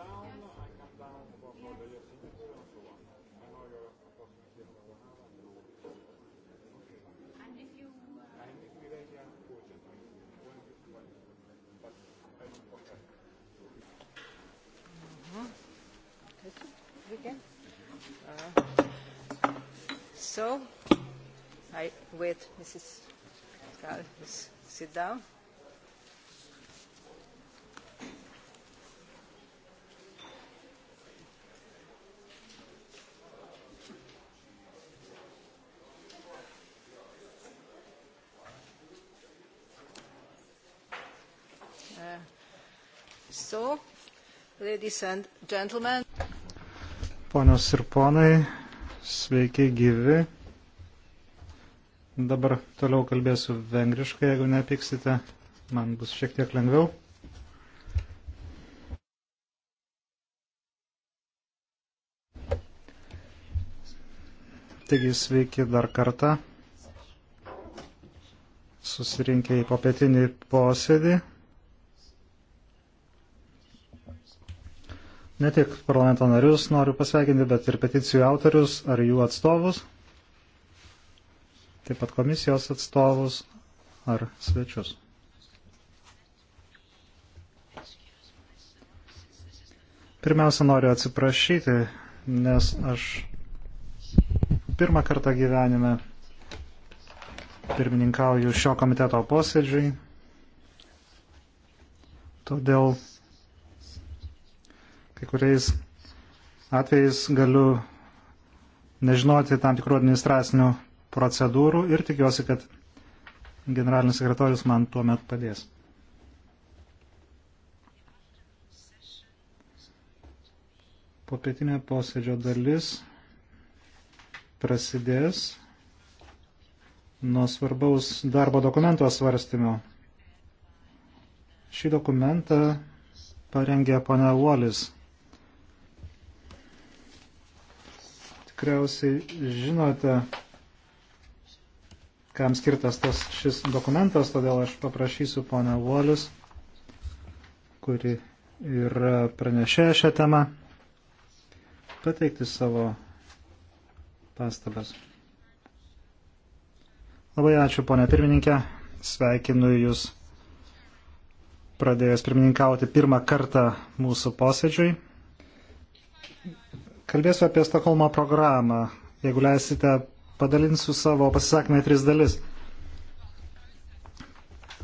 down, I come down for, for the signature and so on. I know your possibility of one hour and then all this. Okay. And if you... Uh... And if we raise the unfortunate, when you when, but I don't forget. Uh-huh. Again. Uh, so, I wait, Mrs. Cal, sit down. So, ladies and gentlemen. Ponios ir ponai, sveiki gyvi. Dabar toliau kalbėsiu vengriškai, jeigu nepiksite, man bus šiek tiek lengviau. Taigi sveiki dar kartą susirinkę į popietinį posėdį. ne tik parlamento narius noriu pasveikinti, bet ir peticijų autorius ar jų atstovus, taip pat komisijos atstovus ar svečius. Pirmiausia, noriu atsiprašyti, nes aš pirmą kartą gyvenime pirmininkauju šio komiteto posėdžiui. Todėl Kai kuriais atvejais galiu nežinoti tam tikrų administracinių procedūrų ir tikiuosi, kad generalinis sekretorius man tuo metu padės. Popietinė posėdžio dalis prasidės nuo svarbaus darbo dokumento svarstymo. Šį dokumentą parengė ponia Uolis. tikriausiai žinote, kam skirtas tas, šis dokumentas, todėl aš paprašysiu ponę Volius, kuri yra pranešė šią temą, pateikti savo pastabas. Labai ačiū, ponė pirmininkė. Sveikinu Jūs pradėjus pirmininkauti pirmą kartą mūsų posėdžiui. Kalbėsiu apie Stokholmo programą. Jeigu leisite, padalinsiu savo pasisakymą į tris dalis.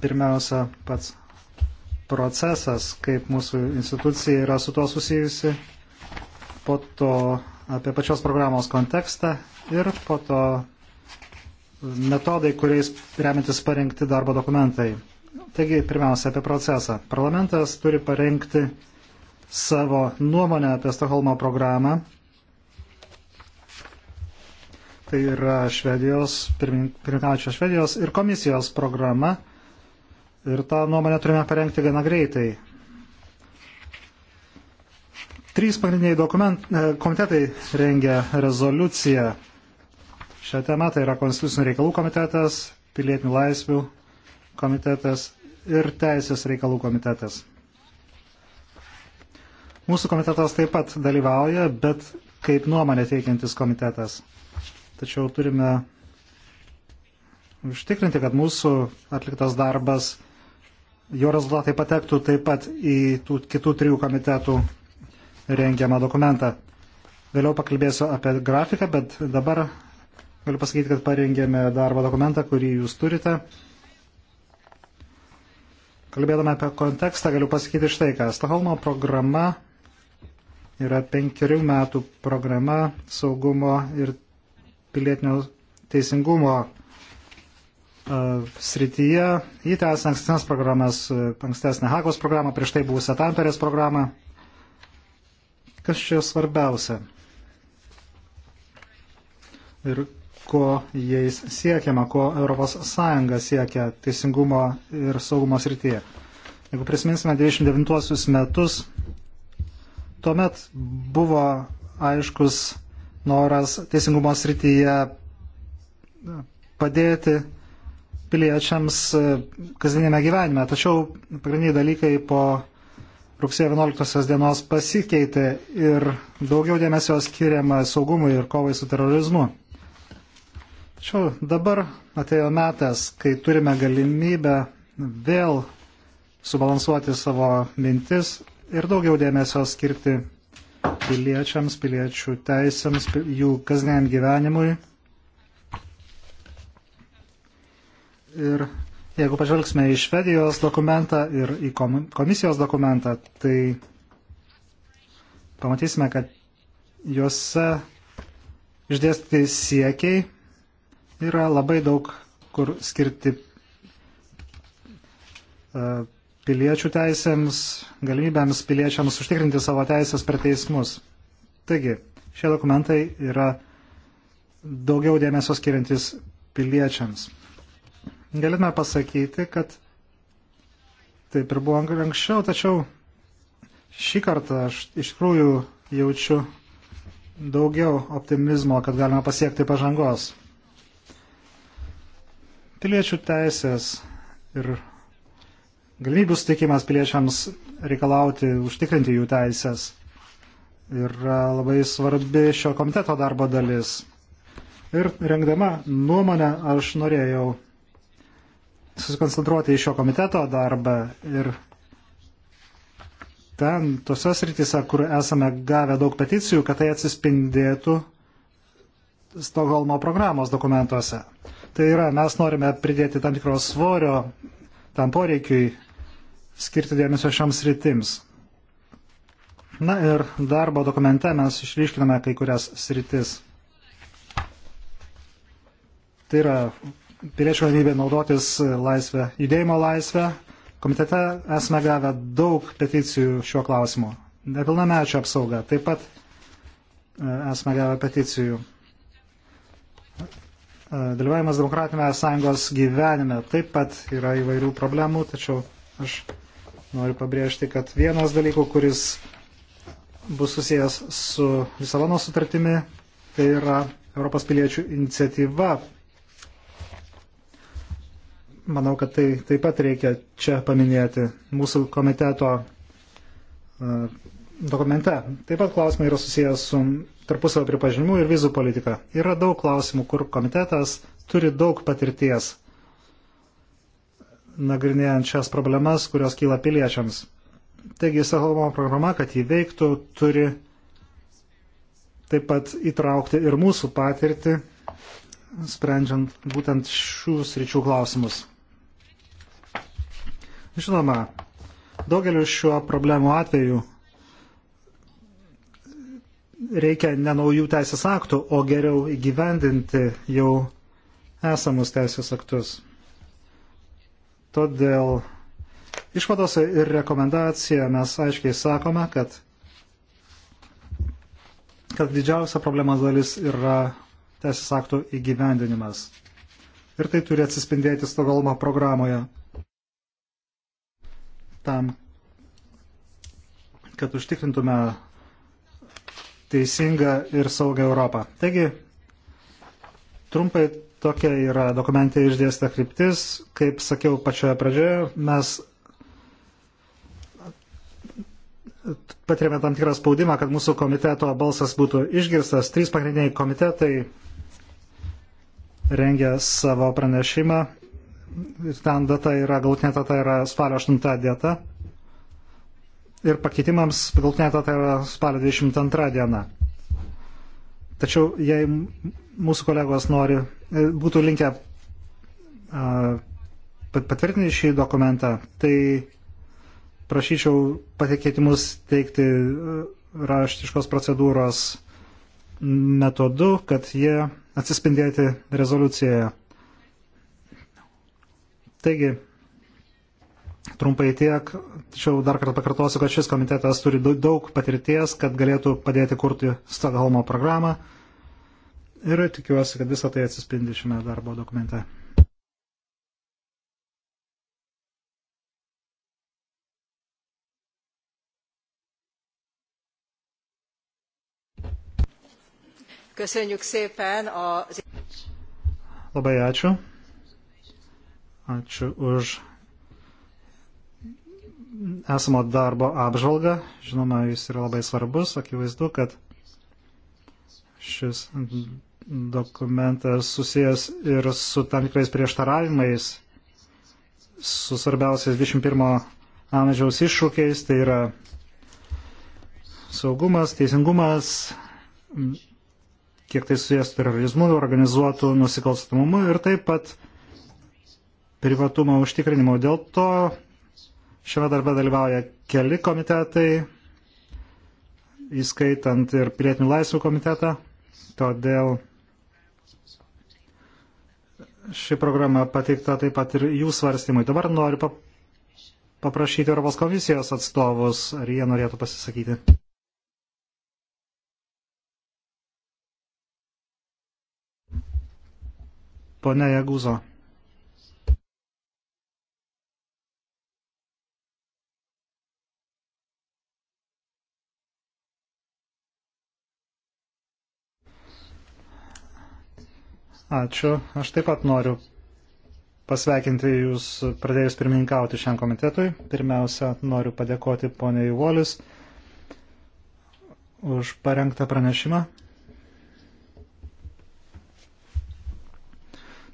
Pirmiausia, pats procesas, kaip mūsų institucija yra su tuo susijusi, po to apie pačios programos kontekstą ir po to metodai, kuriais remiantis parengti darbo dokumentai. Taigi, pirmiausia, apie procesą. Parlamentas turi parengti savo nuomonę apie Stokholmo programą Tai yra Švedijos, pirmininkaujančio Švedijos ir komisijos programa. Ir tą nuomonę turime parengti gana greitai. Trys pagrindiniai dokument, e, komitetai rengia rezoliuciją. Šią temą tai yra Konstitucinių reikalų komitetas, Pilietinių laisvių komitetas ir Teisės reikalų komitetas. Mūsų komitetas taip pat dalyvauja, bet kaip nuomonė teikiantis komitetas tačiau turime užtikrinti, kad mūsų atliktas darbas, jo rezultatai patektų taip pat į tų kitų trijų komitetų rengiamą dokumentą. Vėliau pakalbėsiu apie grafiką, bet dabar galiu pasakyti, kad parengėme darbo dokumentą, kurį jūs turite. Kalbėdama apie kontekstą, galiu pasakyti štai ką. Stokholmo programa yra penkerių metų programa saugumo ir pilietinio teisingumo e, srityje. Jį tęs ankstesnės programas, e, ankstesnę Hagos programą, prieš tai buvusią Tamperės programą. Kas čia svarbiausia? Ir ko jais siekiama, ko ES siekia teisingumo ir saugumo srityje. Jeigu prisiminsime 99 metus, tuomet buvo aiškus noras teisingumo srityje padėti piliečiams e, kasdienėme gyvenime. Tačiau pagrindiniai dalykai po rugsėjo 11 dienos pasikeitė ir daugiau dėmesio skiriama saugumui ir kovai su terorizmu. Tačiau dabar atėjo metas, kai turime galimybę vėl subalansuoti savo mintis ir daugiau dėmesio skirti piliečiams, piliečių teisėms, jų kasdieniam gyvenimui. Ir jeigu pažvelgsime į Švedijos dokumentą ir į komisijos dokumentą, tai pamatysime, kad juose išdėstyti siekiai yra labai daug kur skirti e, piliečių teisėms, galimybėms piliečiams užtikrinti savo teisės per teismus. Taigi, šie dokumentai yra daugiau dėmesio skiriantis piliečiams. Galime pasakyti, kad taip ir buvo anksčiau, tačiau šį kartą aš iš tikrųjų jaučiu daugiau optimizmo, kad galima pasiekti pažangos. Piliečių teisės ir galimybių suteikimas piliečiams reikalauti, užtikrinti jų teisės yra labai svarbi šio komiteto darbo dalis. Ir rengdama nuomonę aš norėjau susikoncentruoti į šio komiteto darbą ir ten, tose srityse, kur esame gavę daug peticijų, kad tai atsispindėtų Stokholmo programos dokumentuose. Tai yra, mes norime pridėti tam tikros svorio tam poreikiui skirti dėmesio šiams rytims. Na ir darbo dokumente mes išryškiname kai kurias sritis. Tai yra piliečių galimybė naudotis laisvę, judėjimo laisvę. Komitete esame gavę daug peticijų šiuo klausimu. Nepilnamečio apsauga. Taip pat e, esame gavę peticijų. E, dalyvavimas demokratinėme sąjungos gyvenime taip pat yra įvairių problemų, tačiau aš Noriu pabrėžti, kad vienas dalykų, kuris bus susijęs su Lisabono sutartimi, tai yra Europos piliečių iniciatyva. Manau, kad tai taip pat reikia čia paminėti mūsų komiteto uh, dokumente. Taip pat klausimai yra susijęs su tarpusavio pripažinimu ir vizų politika. Yra daug klausimų, kur komitetas turi daug patirties nagrinėjant šias problemas, kurios kyla piliečiams. Taigi, Stokholmo programa, kad jį veiktų, turi taip pat įtraukti ir mūsų patirtį, sprendžiant būtent šių sričių klausimus. Žinoma, daugeliu šiuo problemu atveju reikia ne naujų teisės aktų, o geriau įgyvendinti jau esamus teisės aktus. Todėl išvadose ir rekomendacija mes aiškiai sakome, kad, kad didžiausia problemos dalis yra teisės aktų įgyvendinimas. Ir tai turi atsispindėti Stokholmo programoje tam, kad užtikrintume teisingą ir saugą Europą. Taigi, trumpai Tokia yra dokumentė išdėsta kryptis. Kaip sakiau pačioje pradžioje, mes patiriame tam tikrą spaudimą, kad mūsų komiteto balsas būtų išgirstas. Trys pagrindiniai komitetai rengia savo pranešimą. Ir ten data yra, galutinė data yra spalio 8 dieta. Ir pakeitimams galutinė data yra spalio 22 diena. Tačiau jei mūsų kolegos nori, e, būtų linkę patvirtinti šį dokumentą, tai prašyčiau patikėtimus teikti e, raštiškos procedūros metodu, kad jie atsispindėti rezoliucijoje. Taigi, trumpai tiek, tačiau dar kartą pakartosiu, kad šis komitetas turi daug patirties, kad galėtų padėti kurti Stokholmo programą. Ir tikiuosi, kad visą tai atsispindi šiame darbo dokumente. Köszönjük szépen az... Labai ačiū. Ačiū už esamo darbo apžvalgą. Žinoma, jis yra labai svarbus. Akivaizdu, kad šis dokumentas susijęs ir su tam tikrais prieštaravimais, su svarbiausiais 21 amžiaus iššūkiais, tai yra saugumas, teisingumas, kiek tai susijęs su terorizmu, organizuotų nusikalstamumu ir taip pat privatumo užtikrinimu. Dėl to šiame darbe dalyvauja keli komitetai, įskaitant ir pilietinių laisvų komitetą. Todėl ši programa pateikta taip pat ir jų svarstymui. Dabar noriu paprašyti Europos komisijos atstovus, ar jie norėtų pasisakyti. Pone Jaguzo. Ačiū. Aš taip pat noriu pasveikinti Jūs pradėjus pirmininkauti šiam komitetui. Pirmiausia, noriu padėkoti poniai Volis už parengtą pranešimą.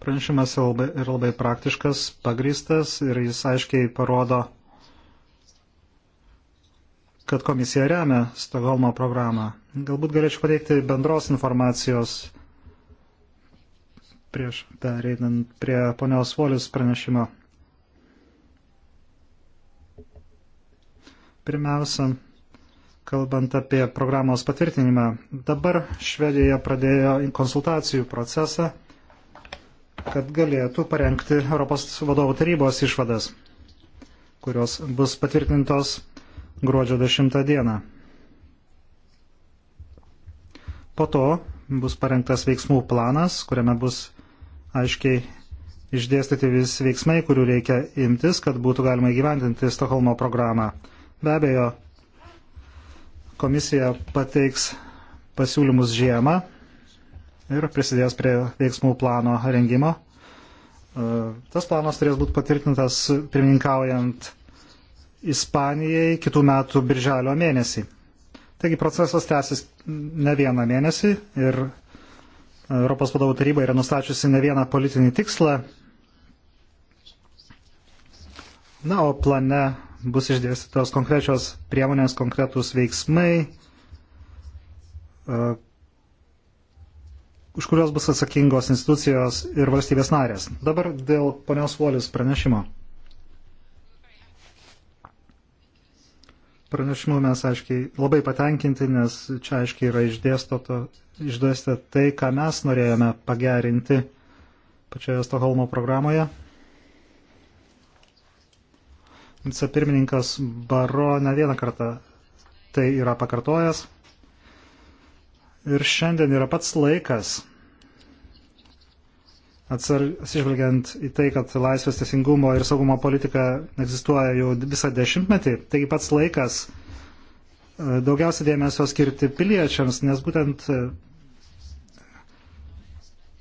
Pranešimas yra labai, yra labai praktiškas, pagristas ir jis aiškiai parodo, kad komisija remia Stokholmo programą. Galbūt galėčiau pateikti bendros informacijos prieš pereinant prie ponios Volius pranešimo. Pirmiausia, kalbant apie programos patvirtinimą, dabar Švedija pradėjo konsultacijų procesą, kad galėtų parengti Europos vadovų tarybos išvadas, kurios bus patvirtintos gruodžio 10 dieną. Po to bus parengtas veiksmų planas, kuriame bus aiškiai išdėstyti vis veiksmai, kurių reikia imtis, kad būtų galima įgyvendinti Stokholmo programą. Be abejo, komisija pateiks pasiūlymus žiemą ir prisidės prie veiksmų plano rengimo. E, tas planas turės būti patvirtintas pirmininkaujant Ispanijai kitų metų birželio mėnesį. Taigi procesas tęsis ne vieną mėnesį ir Europos vadovų taryba yra nustačiusi ne vieną politinį tikslą. Na, o plane bus išdėstytos konkrečios priemonės, konkretūs veiksmai, e, už kurios bus atsakingos institucijos ir valstybės narės. Dabar dėl ponios Volis pranešimo. pranešimu mes aiškiai labai patenkinti, nes čia aiškiai yra išdėstę tai, ką mes norėjome pagerinti pačioje Stokholmo programoje. Vicepirmininkas Baro ne vieną kartą tai yra pakartojęs. Ir šiandien yra pats laikas atsižvelgiant į tai, kad laisvės teisingumo ir saugumo politika egzistuoja jau visą dešimtmetį, taigi pats laikas e, daugiausia dėmesio skirti piliečiams, nes būtent e,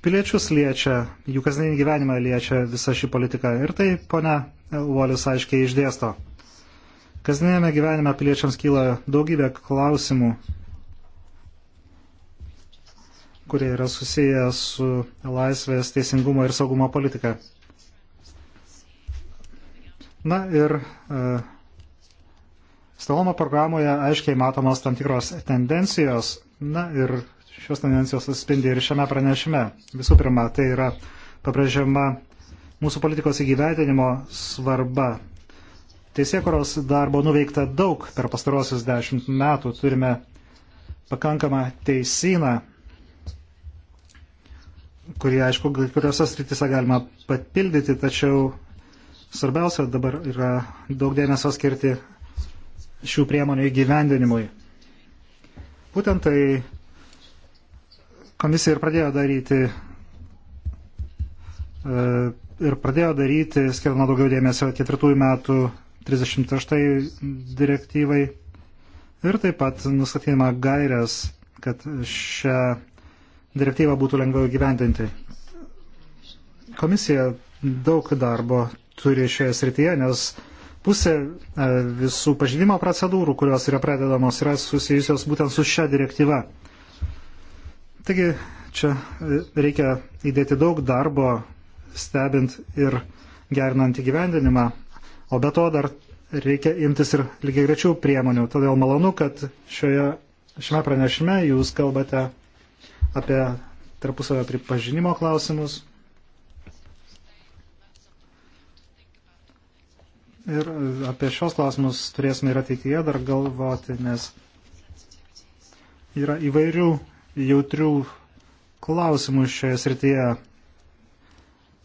piliečius liečia, jų kasdienį gyvenimą liečia visa ši politika. Ir tai ponia Uolius aiškiai išdėsto. Kasdienėme gyvenime piliečiams kyla daugybė klausimų kurie yra susiję su laisvės, teisingumo ir saugumo politika. Na ir uh, e, Stalomo programoje aiškiai matomos tam tikros tendencijos. Na ir šios tendencijos atspindi ir šiame pranešime. Visų pirma, tai yra pabrėžiama mūsų politikos įgyvendinimo svarba. Teisėkuros darbo nuveikta daug per pastarosius dešimt metų. Turime pakankamą teisiną kurį, aišku, kuriuose srityse galima papildyti, tačiau svarbiausia dabar yra daug dėmesio skirti šių priemonių įgyvendinimui. Būtent tai komisija ir pradėjo daryti e, ir pradėjo daryti, skirama daugiau dėmesio ketvirtųjų metų 38 direktyvai ir taip pat nustatymą gairias, kad šią direktyvą būtų lengviau gyvendinti. Komisija daug darbo turi šioje srityje, nes pusė e, visų pažydimo procedūrų, kurios yra pradedamos, yra susijusios būtent su šia direktyva. Taigi čia e, reikia įdėti daug darbo, stebint ir gerinant įgyvendinimą, o be to dar reikia imtis ir lygiai grečių priemonių. Todėl malonu, kad šioje, šiame pranešime jūs kalbate apie tarpusavio pripažinimo klausimus. Ir apie šios klausimus turėsime ir ateityje dar galvoti, nes yra įvairių jautrių klausimų šioje srityje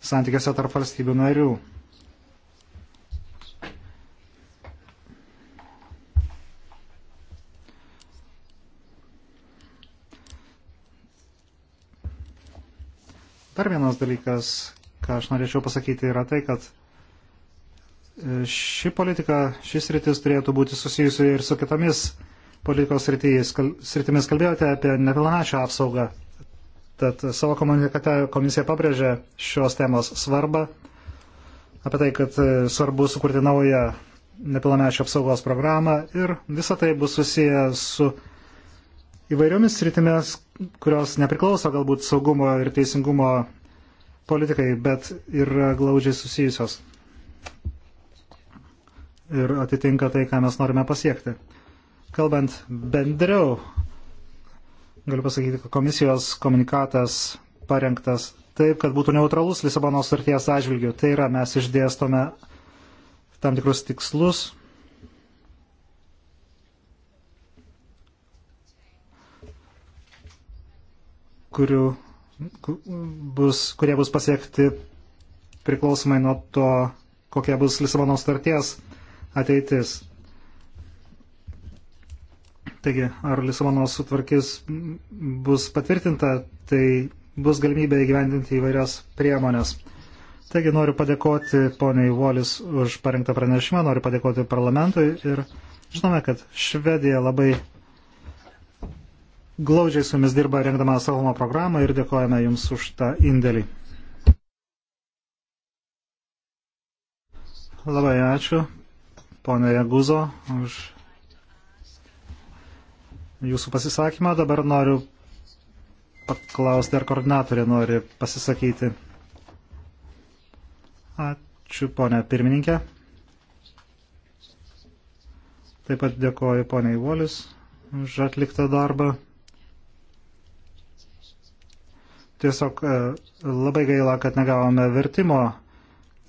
santykiuose tarp valstybių narių. Dar vienas dalykas, ką aš norėčiau pasakyti, yra tai, kad e, ši politika, šis rytis turėtų būti susijusi ir su kitomis politikos sritimis. Kalbėjote apie nepilnamečio apsaugą. Tad savo komunikate komisija pabrėžė šios temos svarbą, apie tai, kad e, svarbu sukurti naują nepilnamečio apsaugos programą ir visa tai bus susiję su įvairiomis sritimis, kurios nepriklauso galbūt saugumo ir teisingumo politikai, bet yra glaudžiai susijusios. Ir atitinka tai, ką mes norime pasiekti. Kalbant bendriau, galiu pasakyti, kad komisijos komunikatas parengtas taip, kad būtų neutralus Lisabono sutarties atžvilgių. Tai yra, mes išdėstome tam tikrus tikslus, kurių bus, kurie bus pasiekti priklausomai nuo to, kokia bus Lisabono starties ateitis. Taigi, ar Lisabono sutvarkis bus patvirtinta, tai bus galimybė įgyvendinti įvairias priemonės. Taigi noriu padėkoti poniai Volis už parengtą pranešimą, noriu padėkoti parlamentui ir žinome, kad Švedija labai glaudžiai su jumis dirba rengdama saugumo programą ir dėkojame jums už tą indėlį. Labai ačiū, ponė Jaguzo, už jūsų pasisakymą. Dabar noriu paklausti, ar koordinatorė nori pasisakyti. Ačiū, ponė pirmininkė. Taip pat dėkoju poniai Volis už atliktą darbą. Tiesiog e, labai gaila, kad negavome vertimo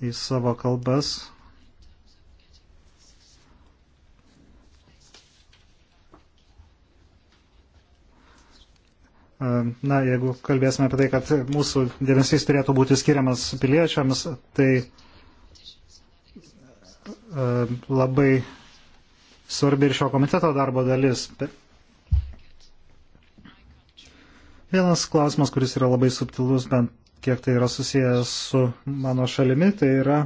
į savo kalbas. E, na, jeigu kalbėsime apie tai, kad mūsų dėmesys turėtų būti skiriamas piliečiams, tai e, labai svarbi ir šio komiteto darbo dalis. Vienas klausimas, kuris yra labai subtilus, bent kiek tai yra susijęs su mano šalimi, tai yra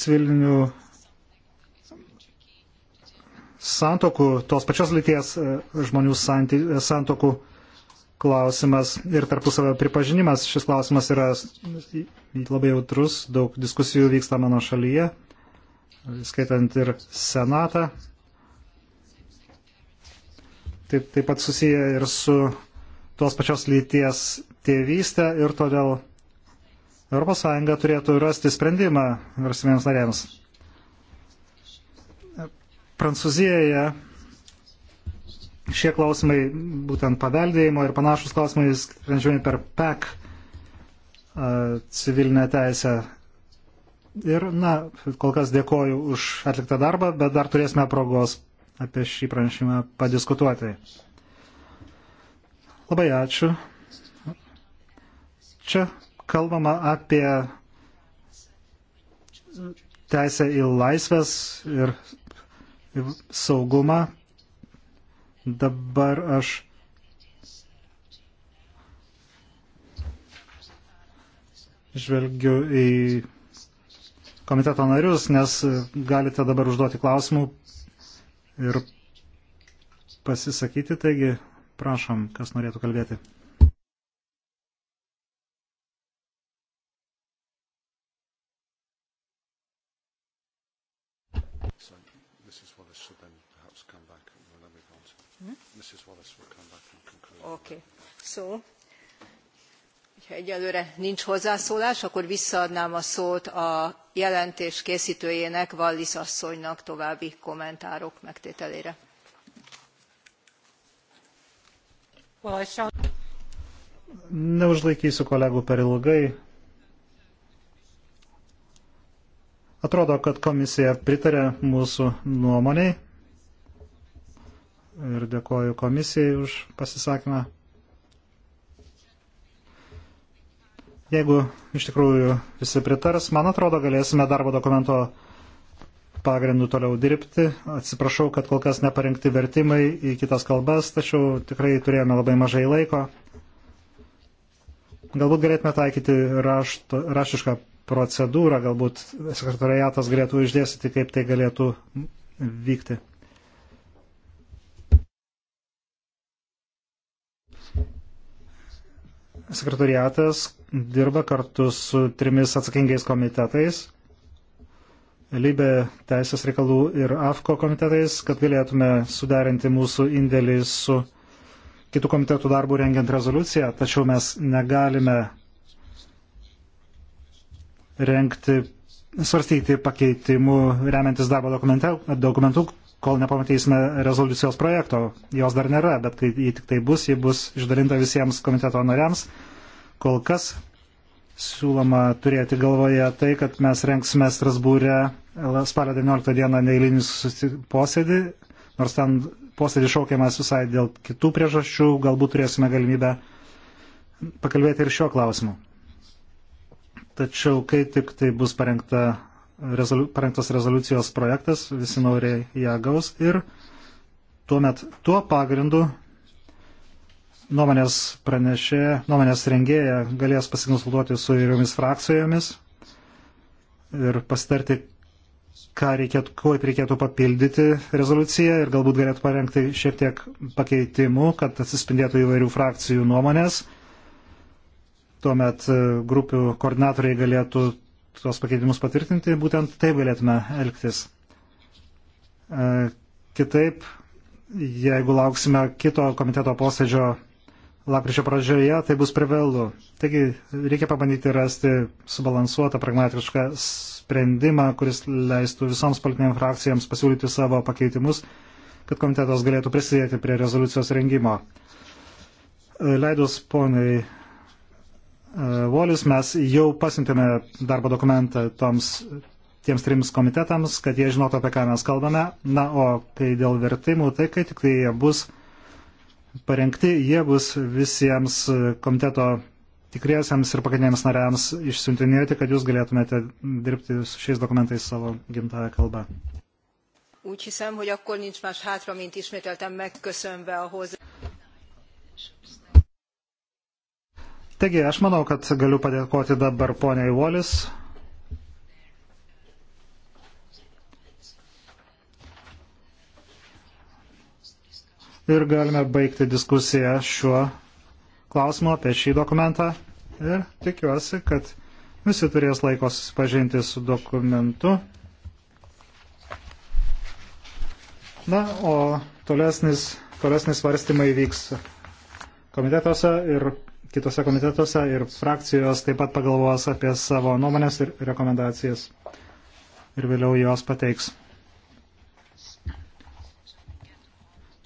civilinių santokų, tos pačios lyties e, žmonių santy, e, santokų klausimas ir tarpusavio pripažinimas. Šis klausimas yra labai jautrus, daug diskusijų vyksta mano šalyje, skaitant ir senatą. Taip, taip pat susiję ir su tos pačios lyties tėvystę ir todėl ES turėtų rasti sprendimą valstybėms narėms. Prancūzijoje šie klausimai, būtent paveldėjimo ir panašus klausimai, sprendžiami per PEC civilinę teisę. Ir, na, kol kas dėkoju už atliktą darbą, bet dar turėsime progos apie šį pranešimą padiskutuoti. Labai ačiū. Čia kalbama apie teisę į laisvės ir saugumą. Dabar aš žvelgiu į komiteto narius, nes galite dabar užduoti klausimų ir pasisakyti. Taigi, Prašom, kas norėtų kalbėti. Mrs. Wallace will hmm? come back and conclude. Okay. So, ha egyelőre nincs hozzászólás, akkor visszaadnám a szót a jelentés készítőjének, Wallis asszonynak további kommentárok megtételére. Well, shall... Neužlaikysiu kolegų per ilgai. Atrodo, kad komisija pritarė mūsų nuomoniai ir dėkoju komisijai už pasisakymą. Jeigu iš tikrųjų visi pritars, man atrodo, galėsime darbo dokumento pagrindų toliau dirbti. Atsiprašau, kad kol kas neparinkti vertimai į kitas kalbas, tačiau tikrai turėjome labai mažai laiko. Galbūt galėtume taikyti rašto, rašišką procedūrą, galbūt sekretariatas galėtų išdėstyti, kaip tai galėtų vykti. Sekretariatas dirba kartu su trimis atsakingais komitetais Libė teisės reikalų ir AFKO komitetais, kad galėtume suderinti mūsų indėlį su kitų komitetų darbų rengiant rezoliuciją, tačiau mes negalime rengti, svarstyti pakeitimų remiantis darbo dokumentų, kol nepamatysime rezoliucijos projekto. Jos dar nėra, bet kai jį tik tai bus, ji bus išdalinta visiems komiteto nariams. Kol kas siūloma turėti galvoje tai, kad mes renksime Strasbūrę spalio 19 dieną neįlinį posėdį, nors ten posėdį šaukiamas visai dėl kitų priežasčių, galbūt turėsime galimybę pakalbėti ir šiuo klausimu. Tačiau, kai tik tai bus parengta, rezoliu, parengtas rezoliucijos projektas, visi noriai ją gaus ir tuomet tuo pagrindu nuomonės pranešė, nuomonės rengėja galės pasikonsultuoti su įvairiomis frakcijomis ir pasitarti, ką reikėtų, kuo reikėtų papildyti rezoliuciją ir galbūt galėtų parengti šiek tiek pakeitimų, kad atsispindėtų įvairių frakcijų nuomonės. Tuomet e, grupių koordinatoriai galėtų tuos pakeitimus patvirtinti, būtent taip galėtume elgtis. E, kitaip, jeigu lauksime kito komiteto posėdžio lapkričio pradžioje, tai bus privelu. Taigi reikia pabandyti rasti subalansuotą, pragmatišką sprendimą, kuris leistų visoms politinėms frakcijams pasiūlyti savo pakeitimus, kad komitetas galėtų prisidėti prie rezoliucijos rengimo. Leidus poniai Volis, e, mes jau pasintėme darbo dokumentą toms tiems trims komitetams, kad jie žinotų, apie ką mes kalbame. Na, o kai dėl vertimų, tai kai tik tai jie bus parengti, jie bus visiems komiteto tikriesiams ir pagrindiniams nariams išsiuntinėti, kad jūs galėtumėte dirbti su šiais dokumentais savo gimtąją kalbą. Úgy hiszem, hogy akkor nincs más hátra, mint ismételten megköszönve a hozzá. Taigi, aš manau, kad galiu padėkoti dabar poniai Volis ir galime baigti diskusiją šiuo klausimu apie šį dokumentą. Ir tikiuosi, kad visi turės laiko susipažinti su dokumentu. Na, o tolesnis, tolesnis svarstymai vyks komitetuose ir kitose komitetuose ir frakcijos taip pat pagalvos apie savo nuomonės ir rekomendacijas ir vėliau jos pateiks.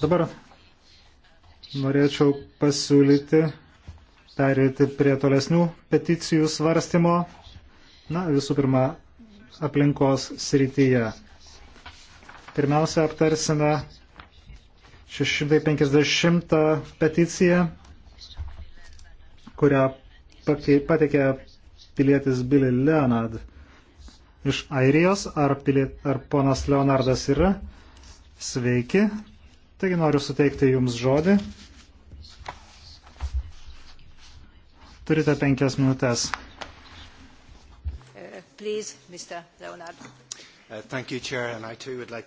Dabar norėčiau pasiūlyti perėti prie tolesnių peticijų svarstymo. Na, visų pirma, aplinkos srityje. Pirmiausia, aptarsime 650 peticiją, kurią pateikė pilietis Billy Leonard iš Airijos. Ar, piliet, ar ponas Leonardas yra? Sveiki. Taigi noriu suteikti Jums žodį. Turite penkias minutės. Uh, please, Mr. Leonard. Uh,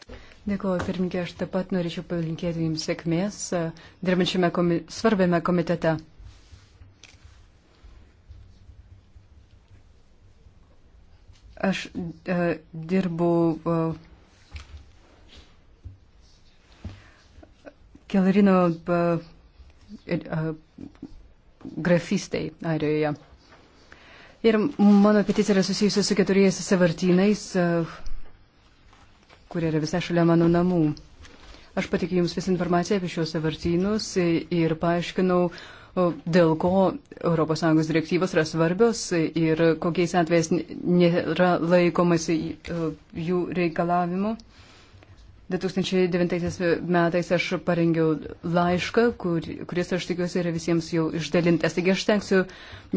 Dėkuoju, pirmininkė, aš taip pat norėčiau palinkėti Jums sėkmės uh, dirbančiame komi svarbiame komitete. Aš uh, dirbu uh, Kelerino uh, uh, grafystei Airijoje. Ir mano peticija yra susijusi su keturiais savartynais, e, kurie yra visai šalia mano namų. Aš patikiu Jums visą informaciją apie šios savartynus ir paaiškinau, dėl ko ES direktyvos yra svarbios ir kokiais atvejais nėra laikomasi e, jų reikalavimų. 2009 metais aš parengiau laišką, kur, kuris aš tikiuosi yra visiems jau išdalintas. Taigi aš tenksiu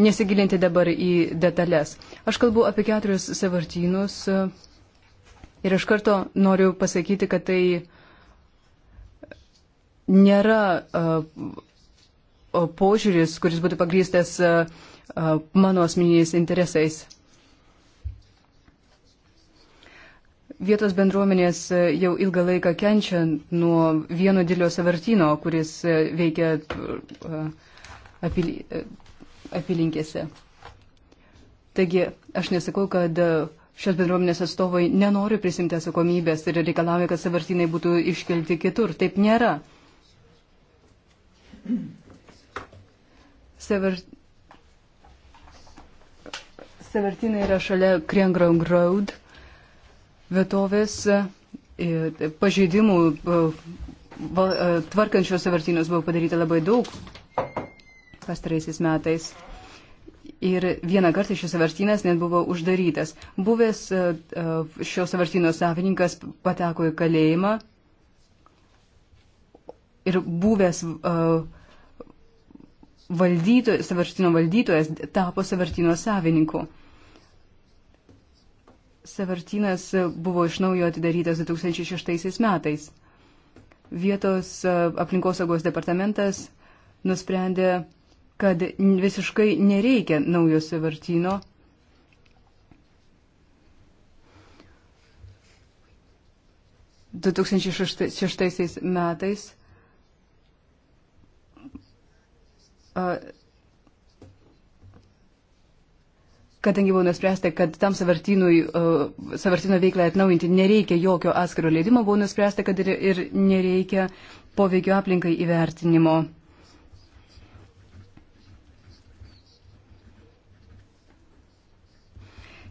nesigilinti dabar į detalės. Aš kalbu apie keturis savartynus e, ir iš karto noriu pasakyti, kad tai nėra e, požiūris, kuris būtų pagrystas e, mano asmeniniais interesais. Vietos bendruomenės e, jau ilgą laiką kenčia nuo vieno didelio savartino, kuris e, veikia e, apil... apylinkėse. Taigi, aš nesakau, kad Šios bendruomenės atstovai nenori prisimti atsakomybės ir reikalauja, kad savartinai būtų iškelti kitur. Taip nėra. Savart... Savartinai yra šalia Kriengrong Road vietovės e, pažeidimų e, e, tvarkančios savartynus buvo padaryta labai daug pastaraisiais metais. Ir vieną kartą šis savartynas net buvo uždarytas. Buvęs šio savartyno savininkas pateko į kalėjimą ir buvęs valdytojas, savartino valdytojas tapo savartino savininku. Savartynas buvo iš naujo atidarytas 2006 metais. Vietos e, aplinkosaugos departamentas nusprendė, kad visiškai nereikia naujo savartyno. Du 2006 metais e, kadangi buvo nuspręsta, kad tam savartino e, veiklą atnaujinti nereikia jokio atskiro leidimo, buvo nuspręsta, kad ir, ir nereikia poveikio aplinkai įvertinimo.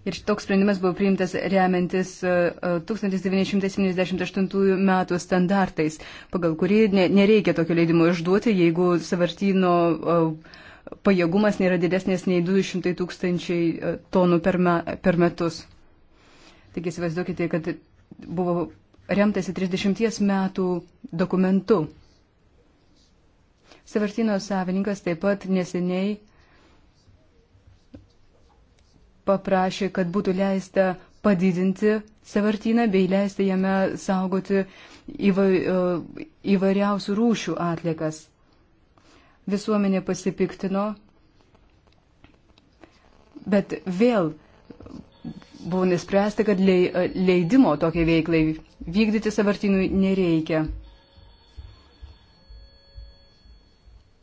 Ir toks sprendimas buvo priimtas remiantis 1978 e, e, metų standartais, pagal kurį nereikia tokio leidimo išduoti, jeigu savartino uh, pajėgumas nėra didesnės nei 200 tūkstančiai e, tonų per, me, per metus. Taigi įsivaizduokite, kad buvo remtasi 30 metų dokumentu. Savartino savininkas taip pat neseniai paprašė, kad būtų leista padidinti savartyną bei leisti jame saugoti įva, e, įvairiausių rūšių atlikas visuomenė pasipiktino, bet vėl buvo nespręsta, kad leidimo tokiai veiklai vykdyti savartinui nereikia.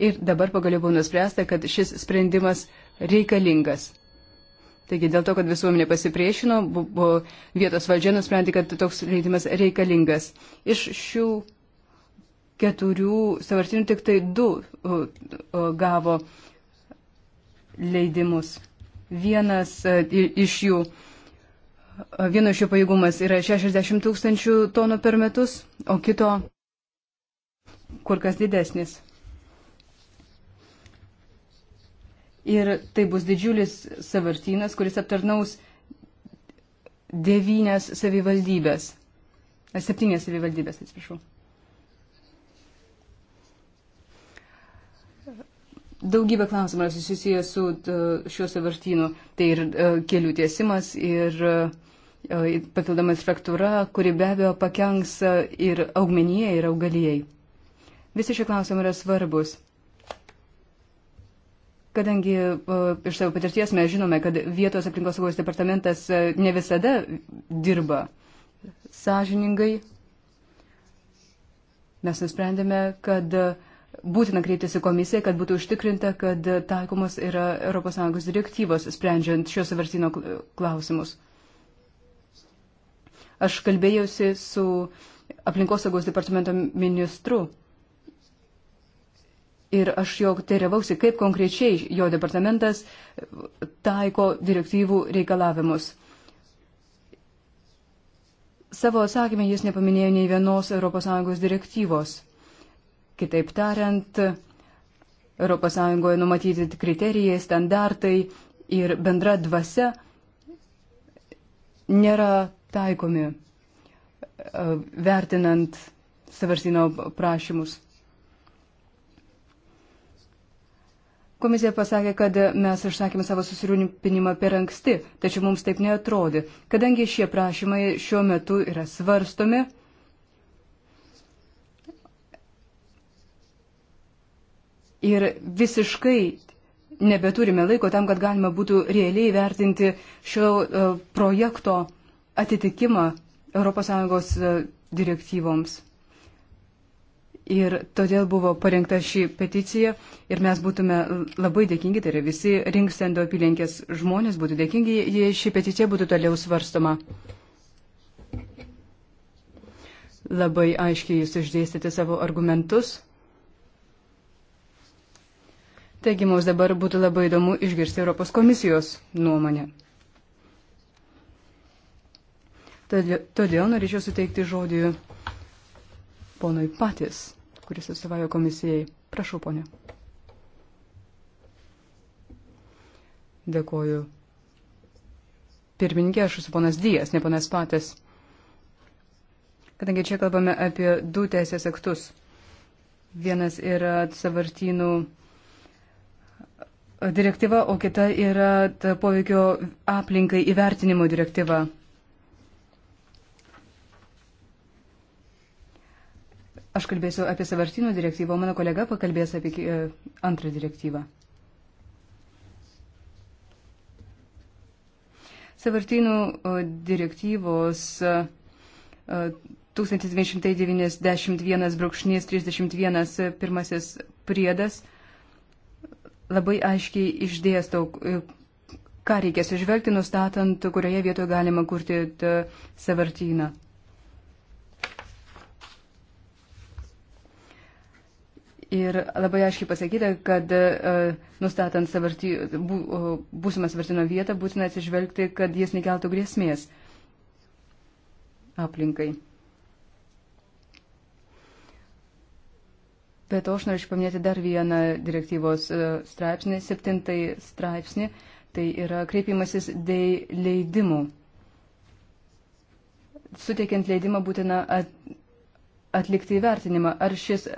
Ir dabar pagaliau buvo nuspręsta, kad šis sprendimas reikalingas. Taigi dėl to, kad visuomenė pasipriešino, buvo vietos valdžia nusprendė, kad toks leidimas reikalingas. Iš šių keturių savartinių tik tai du gavo leidimus. Vienas e, iš jų, e, vieno iš jų pajėgumas yra 60 tūkstančių tonų per metus, o kito kur kas didesnis. Ir tai bus didžiulis savartynas, kuris aptarnaus devynias savivaldybės. Septynės savivaldybės, atsiprašau. Daugybė klausimų yra susijęs su e, šiuo savartynu. Tai ir e, kelių tiesimas, ir e, papildoma struktūra, kuri be abejo pakenks ir augmenijai, ir augalijai. Visi šie klausimai yra svarbus. Kadangi iš savo patirties mes žinome, kad vietos aplinkosaugos departamentas ne visada dirba sąžiningai, mes nusprendėme, kad uh, būtina kreiptis į komisiją, kad būtų užtikrinta, kad taikomos yra ES direktyvos, sprendžiant šios savartino klausimus. Aš kalbėjausi su aplinkosaugos departamento ministru ir aš jo teirevausi, kaip konkrečiai jo departamentas taiko direktyvų reikalavimus. Savo atsakymę jis nepaminėjo nei vienos ES direktyvos. Kitaip tariant, ES numatyti kriterijai, standartai ir bendra dvasia nėra taikomi e, vertinant savarsino prašymus. Komisija pasakė, kad mes išsakėme savo susirūpinimą per anksti, tačiau mums taip neatrodo, kadangi šie prašymai šiuo metu yra svarstomi ir visiškai nebeturime laiko tam, kad galima būtų realiai vertinti šio e, projekto atitikimą ES e, direktyvoms. Ir todėl buvo parengta ši peticija ir mes būtume labai dėkingi, tai yra visi rinksendo apylinkės žmonės būtų dėkingi, jei ši peticija būtų toliau svarstoma. Labai aiškiai jūs išdėstėte savo argumentus. Taigi mums dabar būtų labai įdomu išgirsti Europos komisijos nuomonę. Todėl norėčiau suteikti žodį ponui patys, kuris atstovauja komisijai. Prašau, ponė. Dėkoju. Pirmininkė, aš esu ponas Dijas, ne ponas patys. Kadangi čia kalbame apie du teisės aktus. Vienas yra savartynų direktyva, o kita yra poveikio aplinkai įvertinimo direktyva. Aš kalbėsiu apie savartynų direktyvą, o mano kolega pakalbės apie e, antrą direktyvą. Savartynų e, direktyvos 1991-31 e, pirmasis priedas labai aiškiai išdėstau, ką reikės išvelgti, nustatant, kurioje vietoje galima kurti e, savartyną. Ir labai aiškiai pasakyta, kad uh, nustatant savarty, bu, uh, būsimą savartino vietą būtina atsižvelgti, kad jis nekeltų grėsmės aplinkai. Bet aš norėčiau paminėti dar vieną direktyvos e, straipsnį, septintai straipsnį, tai yra kreipimasis dėl leidimų. Suteikiant leidimą būtina atlikti įvertinimą, ar šis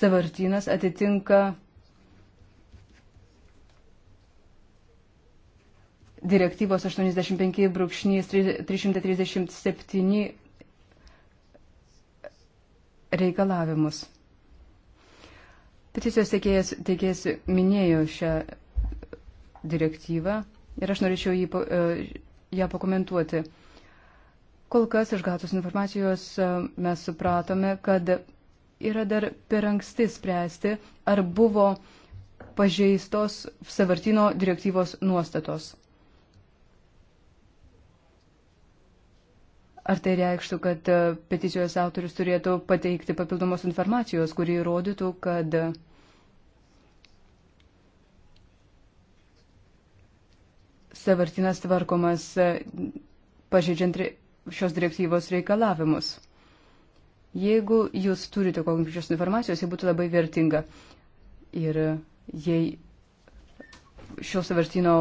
savartynas atitinka direktyvos 85.337 reikalavimus. Peticijos teikėjas, teikėjas minėjo šią direktyvą ir aš norėčiau jį, e, ją pakomentuoti. Kol kas iš gautos informacijos e, mes supratome, kad yra dar per anksti spręsti, ar buvo pažeistos savartino direktyvos nuostatos. Ar tai reikštų, kad e, peticijos autorius turėtų pateikti papildomos informacijos, kuri įrodytų, kad savartinas tvarkomas e, pažeidžiant šios direktyvos reikalavimus. Jeigu jūs turite konkrečios informacijos, jie būtų labai vertinga. Ir jei šio savartino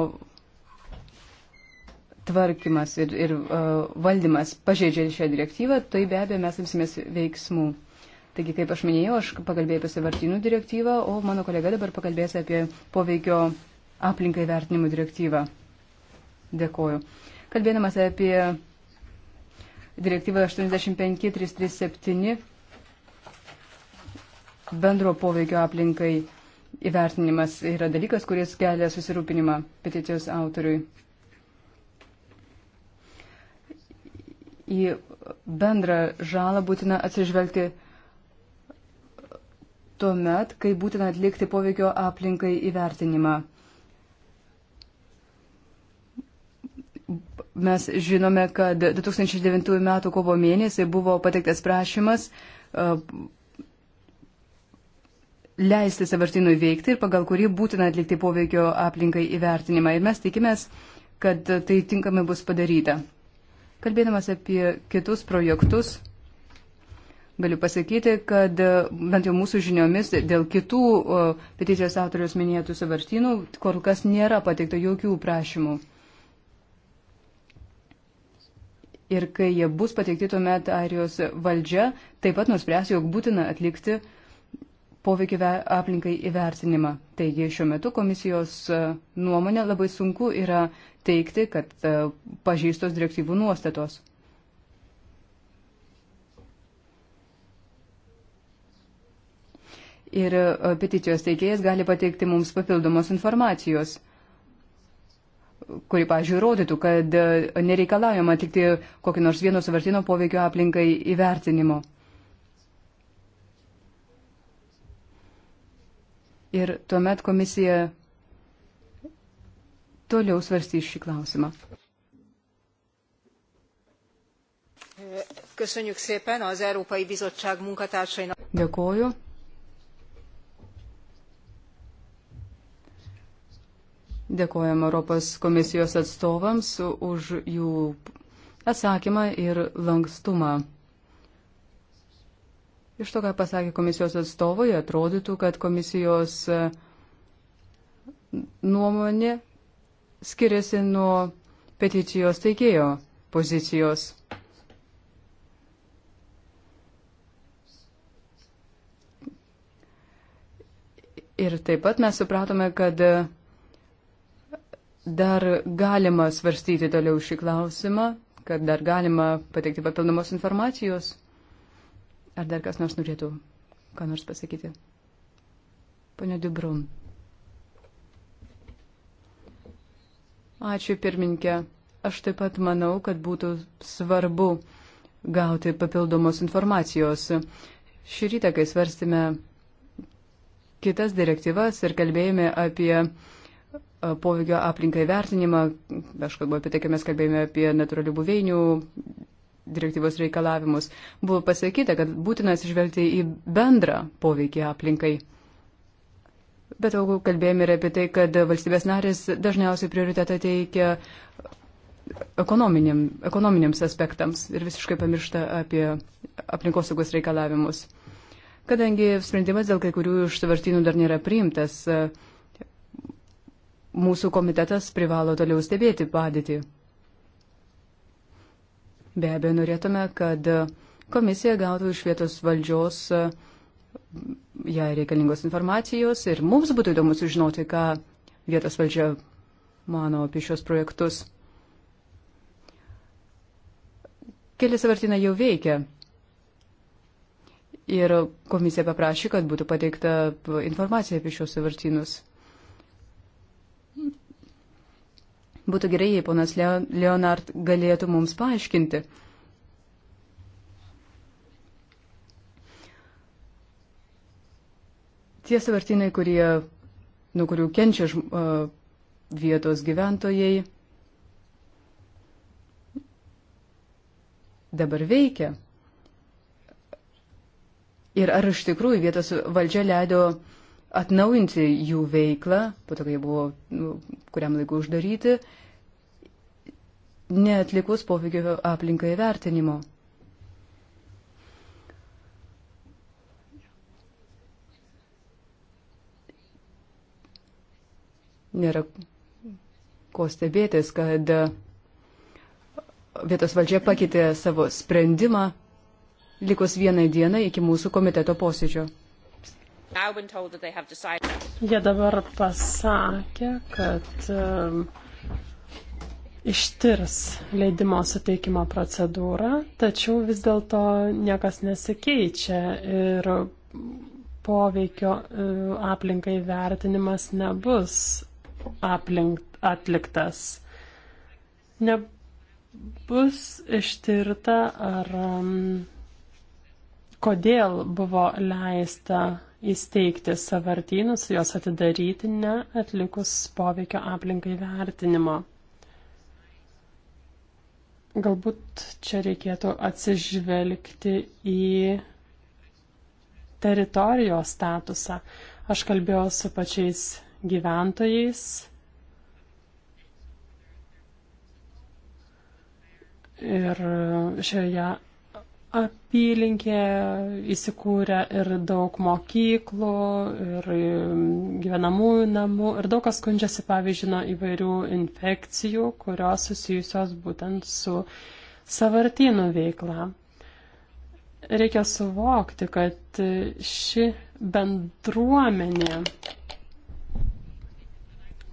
tvarkymas ir, ir uh, valdymas pažeidžia šią direktyvą, tai be abejo mes imsimės veiksmų. Taigi, kaip aš minėjau, aš pakalbėjau apie savartinų direktyvą, o mano kolega dabar pakalbės apie poveikio aplinkai vertinimų direktyvą. Dėkoju. Kalbėdamas apie direktyvą 85337 bendro poveikio aplinkai įvertinimas yra dalykas, kuris kelia susirūpinimą peticijos autoriui. Į bendrą žalą būtina atsižvelgti tuomet, kai būtina atlikti poveikio aplinkai įvertinimą. mes žinome, kad 2009 m. kovo mėnesį buvo pateiktas prašymas e, leisti savartinui veikti ir pagal kurį būtina atlikti poveikio aplinkai įvertinimą. Ir mes tikimės, kad tai tinkamai bus padaryta. Kalbėdamas apie kitus projektus, galiu pasakyti, kad bent jau mūsų žiniomis dėl kitų e, peticijos autorius minėtų savartinų kol kas nėra pateikta jokių prašymų. Ir kai jie bus pateikti tuomet Airijos valdžia, taip pat nuspręs, jog būtina atlikti poveikį aplinkai įvertinimą. Taigi šiuo metu komisijos e, nuomonė labai sunku yra teikti, kad e, pažįstos direktyvų nuostatos. Ir e, peticijos teikėjas gali pateikti mums papildomos informacijos kuri, pažiūrėjau, rodytų, kad e, nereikalaujama atlikti kokį nors vieno savartino poveikio aplinkai įvertinimo. Ir tuomet komisija toliau svarstys šį klausimą. Köszönjük szépen az Európai Bizottság munkatársainak. Dėkoju. Dėkojame Europos komisijos atstovams už jų atsakymą ir lankstumą. Iš to, ką pasakė komisijos atstovai, atrodytų, kad komisijos e, nuomonė skiriasi nuo peticijos teikėjo pozicijos. Ir taip pat mes supratome, kad dar galima svarstyti toliau šį klausimą, kad dar galima pateikti papildomos informacijos. Ar dar kas nors norėtų ką nors pasakyti? Pane Dubrum. Ačiū pirminkė. Aš taip pat manau, kad būtų svarbu gauti papildomos informacijos. Šį rytą, kai svarstėme kitas direktyvas ir kalbėjome apie poveikio aplinkai vertinimą. Aš kalbu apie tai, kai mes kalbėjome apie natūralių buveinių direktyvos reikalavimus. Buvo pasakyta, kad būtina atsižvelgti į bendrą poveikį aplinkai. Bet jau kalbėjome ir apie tai, kad valstybės narės dažniausiai prioritetą teikia ekonominiam, ekonominiams aspektams ir visiškai pamiršta apie aplinkosaugos reikalavimus. Kadangi sprendimas dėl kai kurių iš savartynų dar nėra priimtas, uh, mūsų komitetas privalo toliau stebėti padėtį. Be abejo, norėtume, kad komisija gautų iš vietos valdžios mm, jai reikalingos informacijos ir mums būtų įdomu sužinoti, ką vietos valdžia mano apie šios projektus. Keli savartinai jau veikia. Ir komisija paprašė, kad būtų pateikta informacija apie šios savartinus. Būtų gerai, jei ponas Leonard galėtų mums paaiškinti. Tie savartinai, kurie, nuo kurių kenčia uh, vietos gyventojai, dabar veikia. Ir ar iš tikrųjų vietos valdžia leido uh, atnaujinti jų veiklą, po to, kai jie buvo nu, kuriam laiku uždaryti, neatlikus poveikio aplinkai vertinimo. Nėra ko stebėtis, kad vietos valdžia pakeitė savo sprendimą likus vienai dienai iki mūsų komiteto posėdžio. Jie dabar pasakė, kad um, ištirs leidimo suteikimo procedūrą, tačiau vis dėlto niekas nesikeičia ir poveikio e, aplinkai vertinimas nebus aplink, atliktas. Nebus ištirta, ar um, kodėl buvo leista įsteigti savartynus, juos atidaryti, neatlikus poveikio aplinkai vertinimo. Galbūt čia reikėtų atsižvelgti į teritorijos statusą. Aš kalbėjau su pačiais gyventojais. Ir šioje apylinkė įsikūrė ir daug mokyklų, ir mm, gyvenamųjų namų, ir daug kas skundžiasi, pavyzdžiui, nuo įvairių infekcijų, kurios susijusios būtent su savartynų veikla. Reikia suvokti, kad ši bendruomenė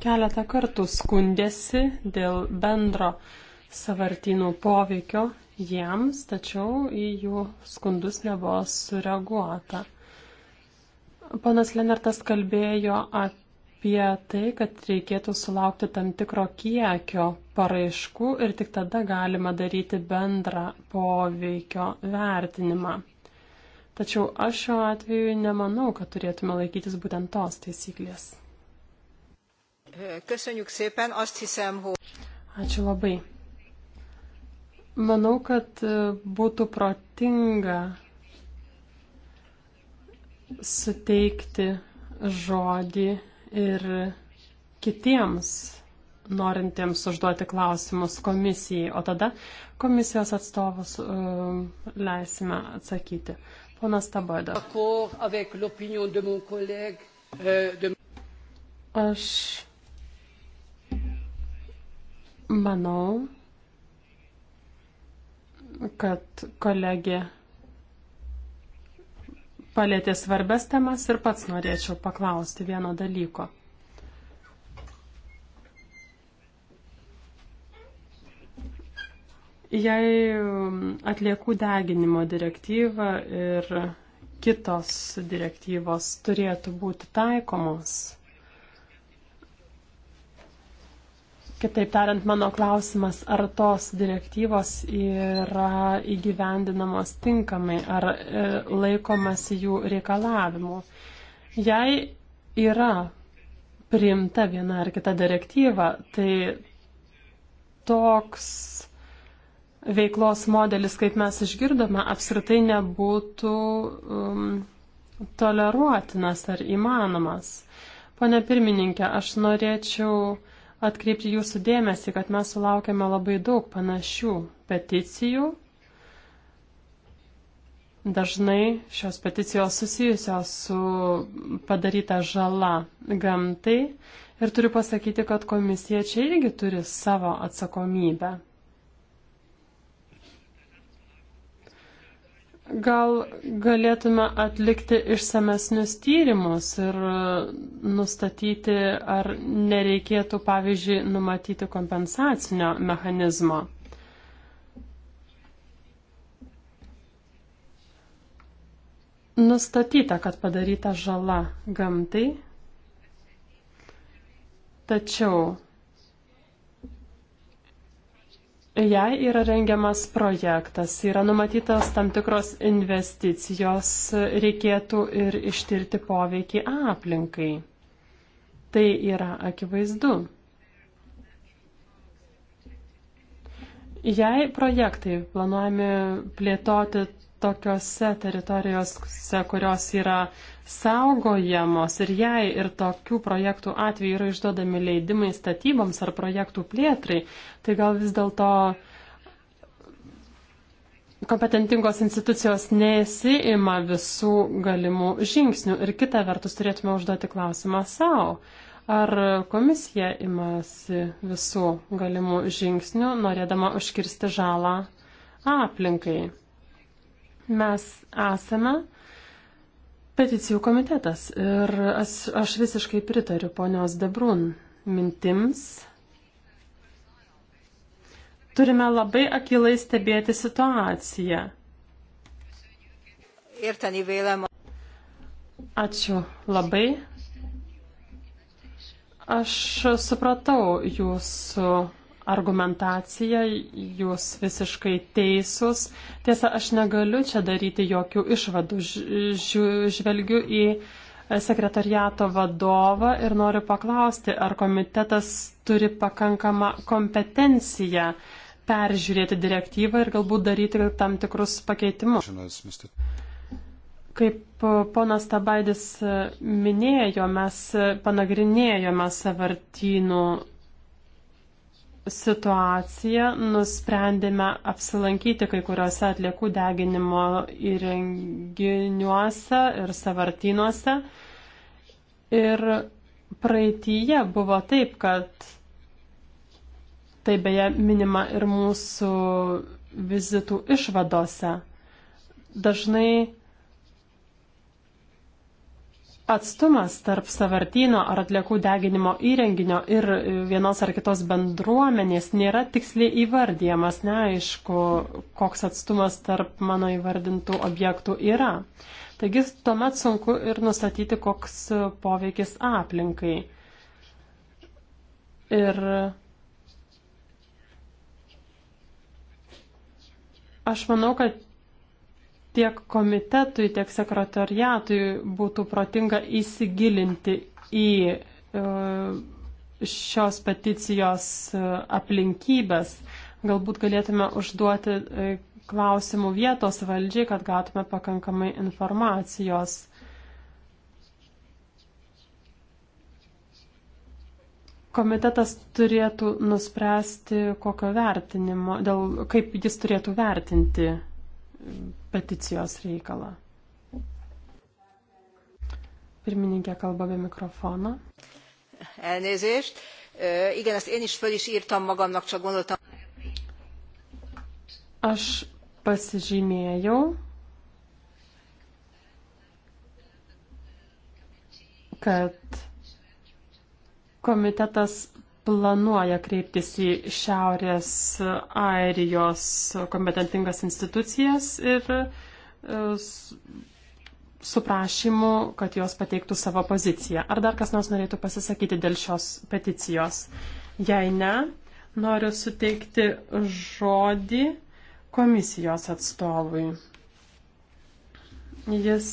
keletą kartų skundėsi dėl bendro savartynų poveikio jiems, tačiau į jų skundus nebuvo sureaguota. Panas Lenartas kalbėjo apie tai, kad reikėtų sulaukti tam tikro kiekio paraiškų ir tik tada galima daryti bendrą poveikio vertinimą. Tačiau aš šiuo atveju nemanau, kad turėtume laikytis būtent tos taisyklės. Ačiū labai. Manau, kad e, būtų protinga suteikti žodį ir kitiems norintiems užduoti klausimus komisijai, o tada komisijos atstovus um, leisime atsakyti. Ponas Taboda. Aš manau, kad kolegė palėtė svarbes temas ir pats norėčiau paklausti vieno dalyko. Jei um, atliekų deginimo direktyva ir kitos direktyvos turėtų būti taikomos Kitaip tariant, mano klausimas, ar tos direktyvos yra įgyvendinamos tinkamai, ar e, laikomasi jų reikalavimų. Jei yra priimta viena ar kita direktyva, tai toks veiklos modelis, kaip mes išgirdome, apskritai nebūtų um, toleruotinas ar įmanomas. Pone pirmininkė, aš norėčiau atkreipti jūsų dėmesį, kad mes sulaukėme labai daug panašių peticijų. Dažnai šios peticijos susijusios su padaryta žala gamtai ir turiu pasakyti, kad komisija čia irgi turi savo atsakomybę. Gal galėtume atlikti išsamesnius tyrimus ir e, nustatyti, ar nereikėtų, pavyzdžiui, numatyti kompensacinio mechanizmo. Nustatyta, kad padaryta žala gamtai, tačiau jei yra rengiamas projektas, yra numatytos tam tikros investicijos, reikėtų ir ištirti poveikį aplinkai. Tai yra akivaizdu. Jei projektai planuojami plėtoti tokiose teritorijose, kurios yra saugojamos ir jei ir tokių projektų atveju yra išduodami leidimai statyboms ar projektų plėtrai, tai gal vis dėlto kompetentingos institucijos nesima visų galimų žingsnių ir kitą vertus turėtume užduoti klausimą savo. Ar komisija imasi visų galimų žingsnių, norėdama užkirsti žalą aplinkai? Mes esame peticijų komitetas ir aš, aš visiškai pritariu ponios Debrun mintims turime labai akilai stebėti situaciją. Érteni vélem. Ačiū labai. Aš supratau jūsų argumentaciją, jūs visiškai teisūs. Tiesa, aš negaliu čia daryti jokių išvadų. Žvelgiu į sekretariato vadovą ir noriu paklausti, ar komitetas turi pakankamą kompetenciją peržiūrėti direktyvą ir galbūt daryti tam tikrus pakeitimus. Kaip ponas Tabaidis minėjo, mes panagrinėjome savartynų situaciją nusprendėme apsilankyti kai kuriuose atliekų deginimo įrenginiuose ir savartynuose. Ir praeitįje buvo taip, kad tai beje minima ir mūsų vizitų išvadose. Dažnai Atstumas tarp savartino ar atliekų deginimo įrenginio ir vienos ar kitos bendruomenės nėra tiksliai įvardyjamas, neaišku, koks atstumas tarp mano įvardintų objektų yra. Taigi tuomet sunku ir nustatyti, koks poveikis aplinkai. Ir aš manau, kad tiek komitetui, tiek sekretariatui būtų protinga įsigilinti į e, šios peticijos e, aplinkybės. Galbūt galėtume užduoti e, klausimų vietos valdžiai, kad gautume pakankamai informacijos. Komitetas turėtų nuspręsti, kokio vertinimo, dėl, kaip jis turėtų vertinti peticijos reikalą. Pirmininkė kalba be mikrofono. Elnézést. Igen, ezt én is föl is írtam magamnak, csak gondoltam. Aš pasižymėjau, kad komitetas planuoja kreiptis į Šiaurės Airijos kompetentingas institucijas ir e, su prašymu, kad jos pateiktų savo poziciją. Ar dar kas nors norėtų pasisakyti dėl šios peticijos? Jei ne, noriu suteikti žodį komisijos atstovui. Jis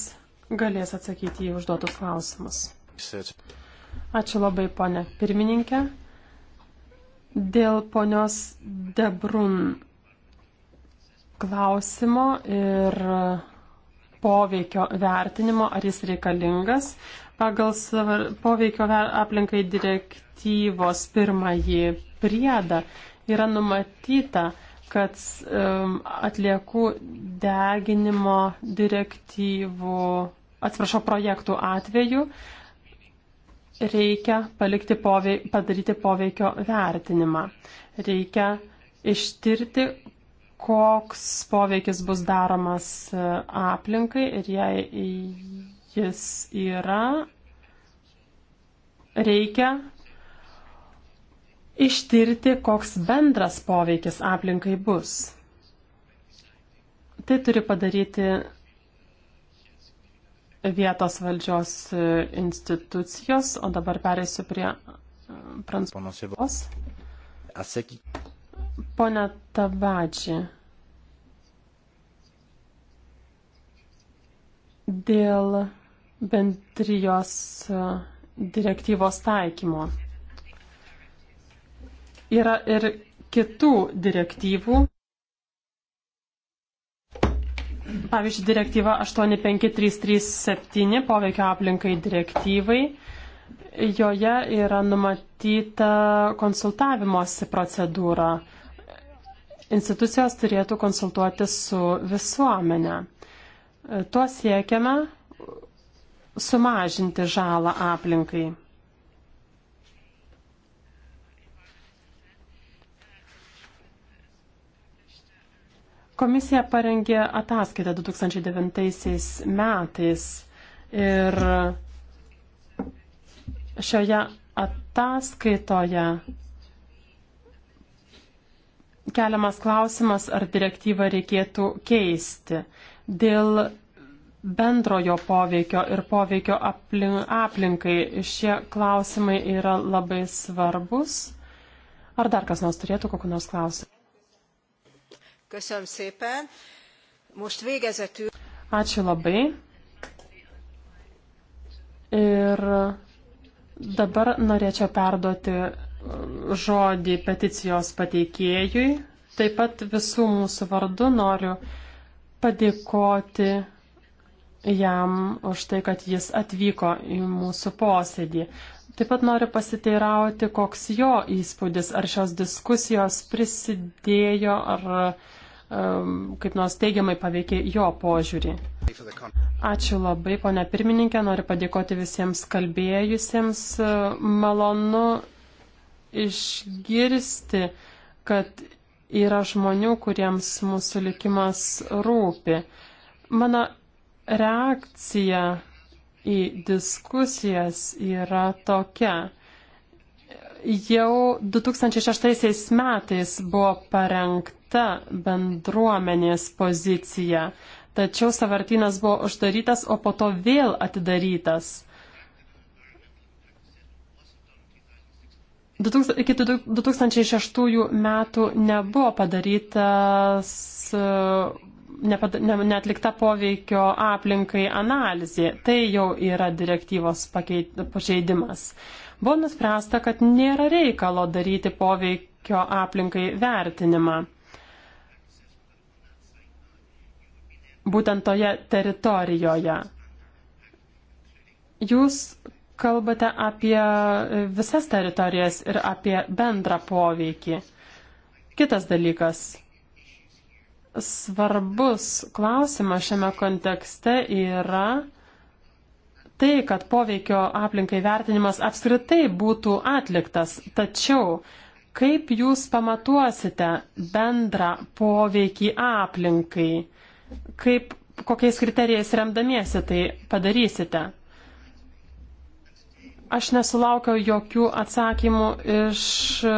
galės atsakyti į užduotus klausimus. Ačiū labai, ponė pirmininkė. Dėl ponios Debrun klausimo ir poveikio vertinimo, ar jis reikalingas, pagal poveikio aplinkai direktyvos pirmąjį priedą yra numatyta, kad um, atliekų deginimo direktyvų, atsiprašau, projektų atveju uh, reikia palikti povei, padaryti poveikio vertinimą. Reikia ištirti, koks poveikis bus daromas e, aplinkai ir jei jis yra, reikia ištirti, koks bendras poveikis aplinkai bus. Tai turi padaryti vietos valdžios e, institucijos, o dabar perėsiu prie e, prancūzijos. Pone Tavadži, dėl bendrijos e, direktyvos taikymo yra ir kitų direktyvų. Pavyzdžiui, direktyva 85337 poveikio aplinkai direktyvai. Joje yra numatyta konsultavimosi procedūra. Institucijos turėtų konsultuoti su visuomenė. Tuo siekiame sumažinti žalą aplinkai. Komisija parengė ataskaitą 2009 metais ir šioje ataskaitoje keliamas klausimas, ar direktyvą reikėtų keisti dėl bendrojo poveikio ir poveikio aplinkai. Šie klausimai yra labai svarbus. Ar dar kas nors turėtų kokiu nors klausimu? Köszönöm szépen. Most végezetül. Ačiū labai. Ir dabar norėčiau perduoti uh, žodį peticijos pateikėjui. Taip pat visų mūsų vardu noriu padėkoti jam už tai, kad jis atvyko į mūsų posėdį. Taip pat noriu pasiteirauti, koks jo įspūdis, ar šios diskusijos prisidėjo, ar Um, kaip nors teigiamai paveikė jo požiūrį. Ačiū labai, ponia pirmininkė, noriu padėkoti visiems kalbėjusiems. Malonu išgirsti, kad yra žmonių, kuriems mūsų likimas rūpi. Mano reakcija į diskusijas yra tokia. Jau 2006 metais buvo parengta bendruomenės pozicija, tačiau savartynas buvo uždarytas, o po to vėl atidarytas. Iki 2006 metų nebuvo padarytas, nepad, ne, netlikta poveikio aplinkai analizė. Tai jau yra direktyvos pakeit, pažeidimas. Buvo nuspręsta, kad nėra reikalo daryti poveikio aplinkai vertinimą. Būtent toje teritorijoje. Jūs kalbate apie visas teritorijas ir apie bendrą poveikį. Kitas dalykas svarbus klausimas šiame kontekste yra tai, kad poveikio aplinkai vertinimas apskritai būtų atliktas, tačiau kaip jūs pamatuosite bendrą poveikį aplinkai, kaip, kokiais kriterijais remdamiesi tai padarysite? Aš nesulaukiau jokių atsakymų iš e,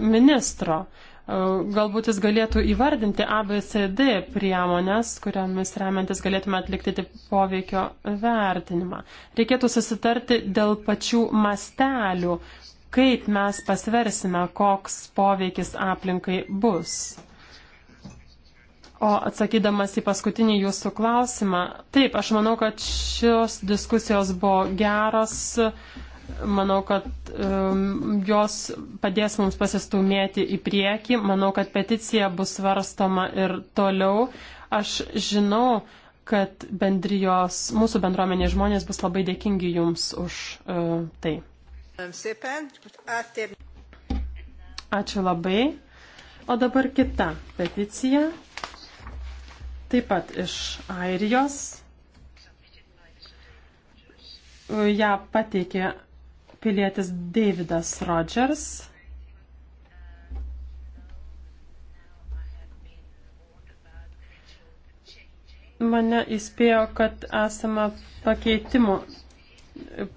ministro. E, galbūt jis galėtų įvardinti ABCD priemonės, kuriomis remiantis galėtume atlikti poveikio vertinimą. Reikėtų susitarti dėl pačių mastelių, kaip mes pasversime, koks poveikis aplinkai bus. O atsakydamas į paskutinį jūsų klausimą, taip, aš manau, kad šios diskusijos buvo geros. Uh, Manau, kad um, jos padės mums pasistumėti į priekį. Manau, kad peticija bus svarstoma ir toliau. Aš žinau, kad bendrijos, mūsų bendruomenės žmonės bus labai dėkingi jums už uh, tai. Ačiū labai. O dabar kita peticija. Taip pat iš Airijos. Ja pateikė pilietis Davidas Rodgers. Mane įspėjo, kad esama pakeitimų.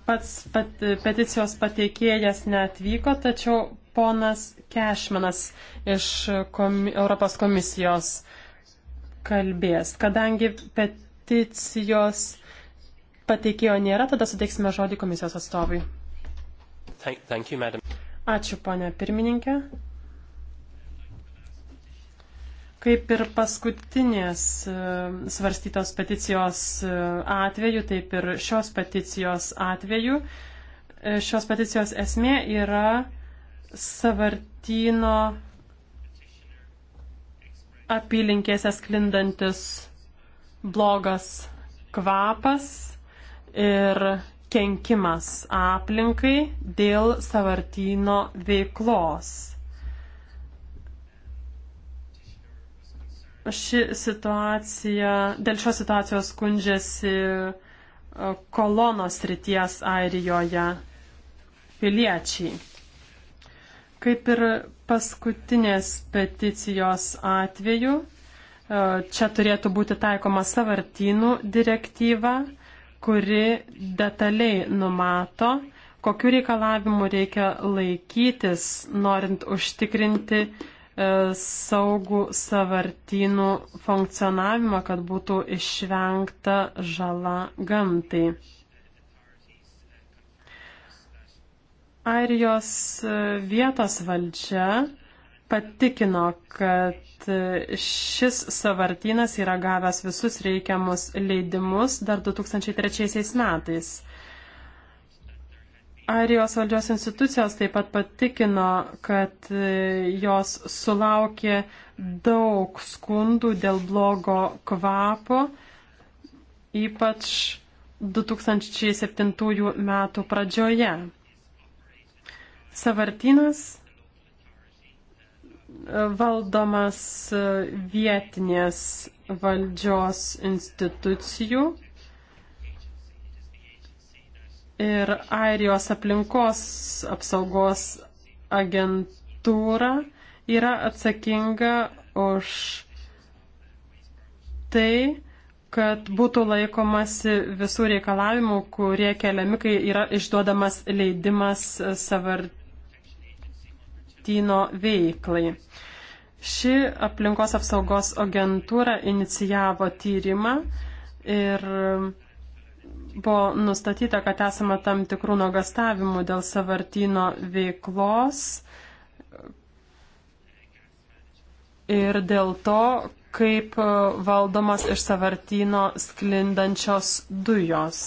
Pats pat, peticijos pateikėjas neatvyko, tačiau ponas Kešmanas iš komi, Europos komisijos kalbės. Kadangi peticijos pateikėjo nėra, tada suteiksime žodį komisijos atstovui. Thank, thank you, madam. Ačiū, ponė pirmininkė. Kaip ir paskutinės e, svarstytos peticijos e, atveju, taip ir šios peticijos atveju, e, šios peticijos esmė yra savartino apylinkėse sklindantis blogas kvapas ir kenkimas aplinkai dėl savartyno veiklos. Ši situacija, dėl šios situacijos skundžiasi e, kolonos ryties Airijoje piliečiai. Kaip ir paskutinės peticijos atveju, e, čia turėtų būti taikoma savartynų direktyva kuri detaliai numato, kokiu reikalavimu reikia laikytis, norint užtikrinti e, saugų savartynų funkcionavimą, kad būtų išvengta žala gamtai. Airijos e, vietos valdžia patikino, kad šis savartynas yra gavęs visus reikiamus leidimus dar 2003 metais. Airijos valdžios institucijos taip pat patikino, kad jos sulaukė daug skundų dėl blogo kvapo, ypač 2007 metų pradžioje. Savartynas valdomas e, vietinės valdžios institucijų. Ir Airijos aplinkos apsaugos agentūra yra atsakinga už tai, kad būtų laikomasi visų reikalavimų, kurie keliami, kai yra išduodamas leidimas savart Martino veiklai. Ši aplinkos apsaugos agentūra inicijavo tyrimą ir buvo nustatyta, kad esama tam tikrų nuogastavimų dėl savartino veiklos ir dėl to, kaip valdomas iš savartino sklindančios dujos.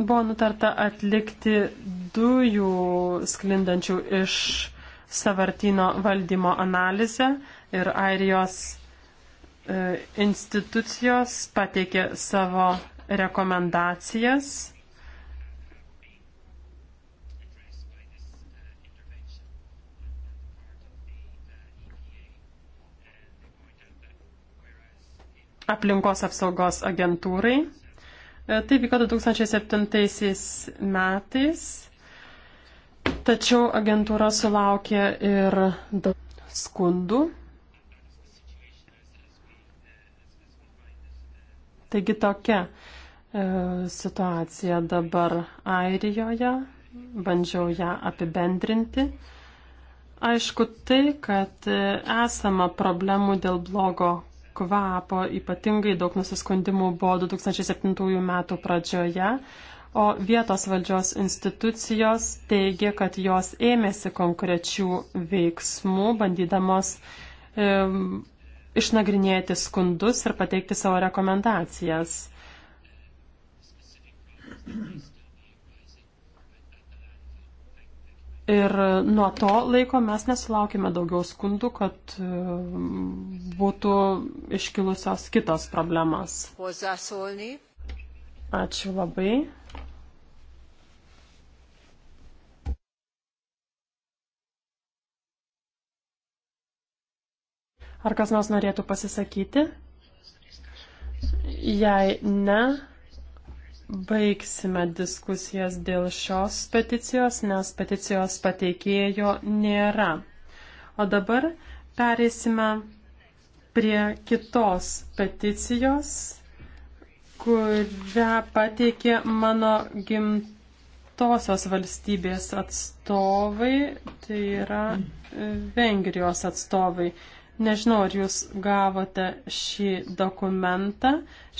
Buvo nutarta atlikti dujų sklindančių iš savartino valdymo analizę ir Airijos e, institucijos pateikė savo rekomendacijas. aplinkos apsaugos agentūrai. Tai vyko 2007 metais, tačiau agentūra sulaukė ir skundų. Taigi tokia e, situacija dabar Airijoje, bandžiau ją apibendrinti. Aišku tai, kad e, esama problemų dėl blogo kvapo. Ypatingai daug nusiskundimų buvo 2007 metų pradžioje, o vietos valdžios institucijos teigia, kad jos ėmėsi konkrečių veiksmų, bandydamos e, išnagrinėti skundus ir pateikti savo rekomendacijas. Ir nuo to laiko mes nesulaukime daugiau skundų, kad e, būtų iškilusios kitos problemas. Ačiū labai. Ar kas nors norėtų pasisakyti? Jei ne, Baigsime diskusijas dėl šios peticijos, nes peticijos pateikėjo nėra. O dabar pereisime prie kitos peticijos, kurią pateikė mano gimtosios valstybės atstovai, tai yra Vengrijos atstovai. Nežinau, ar jūs gavote šį dokumentą.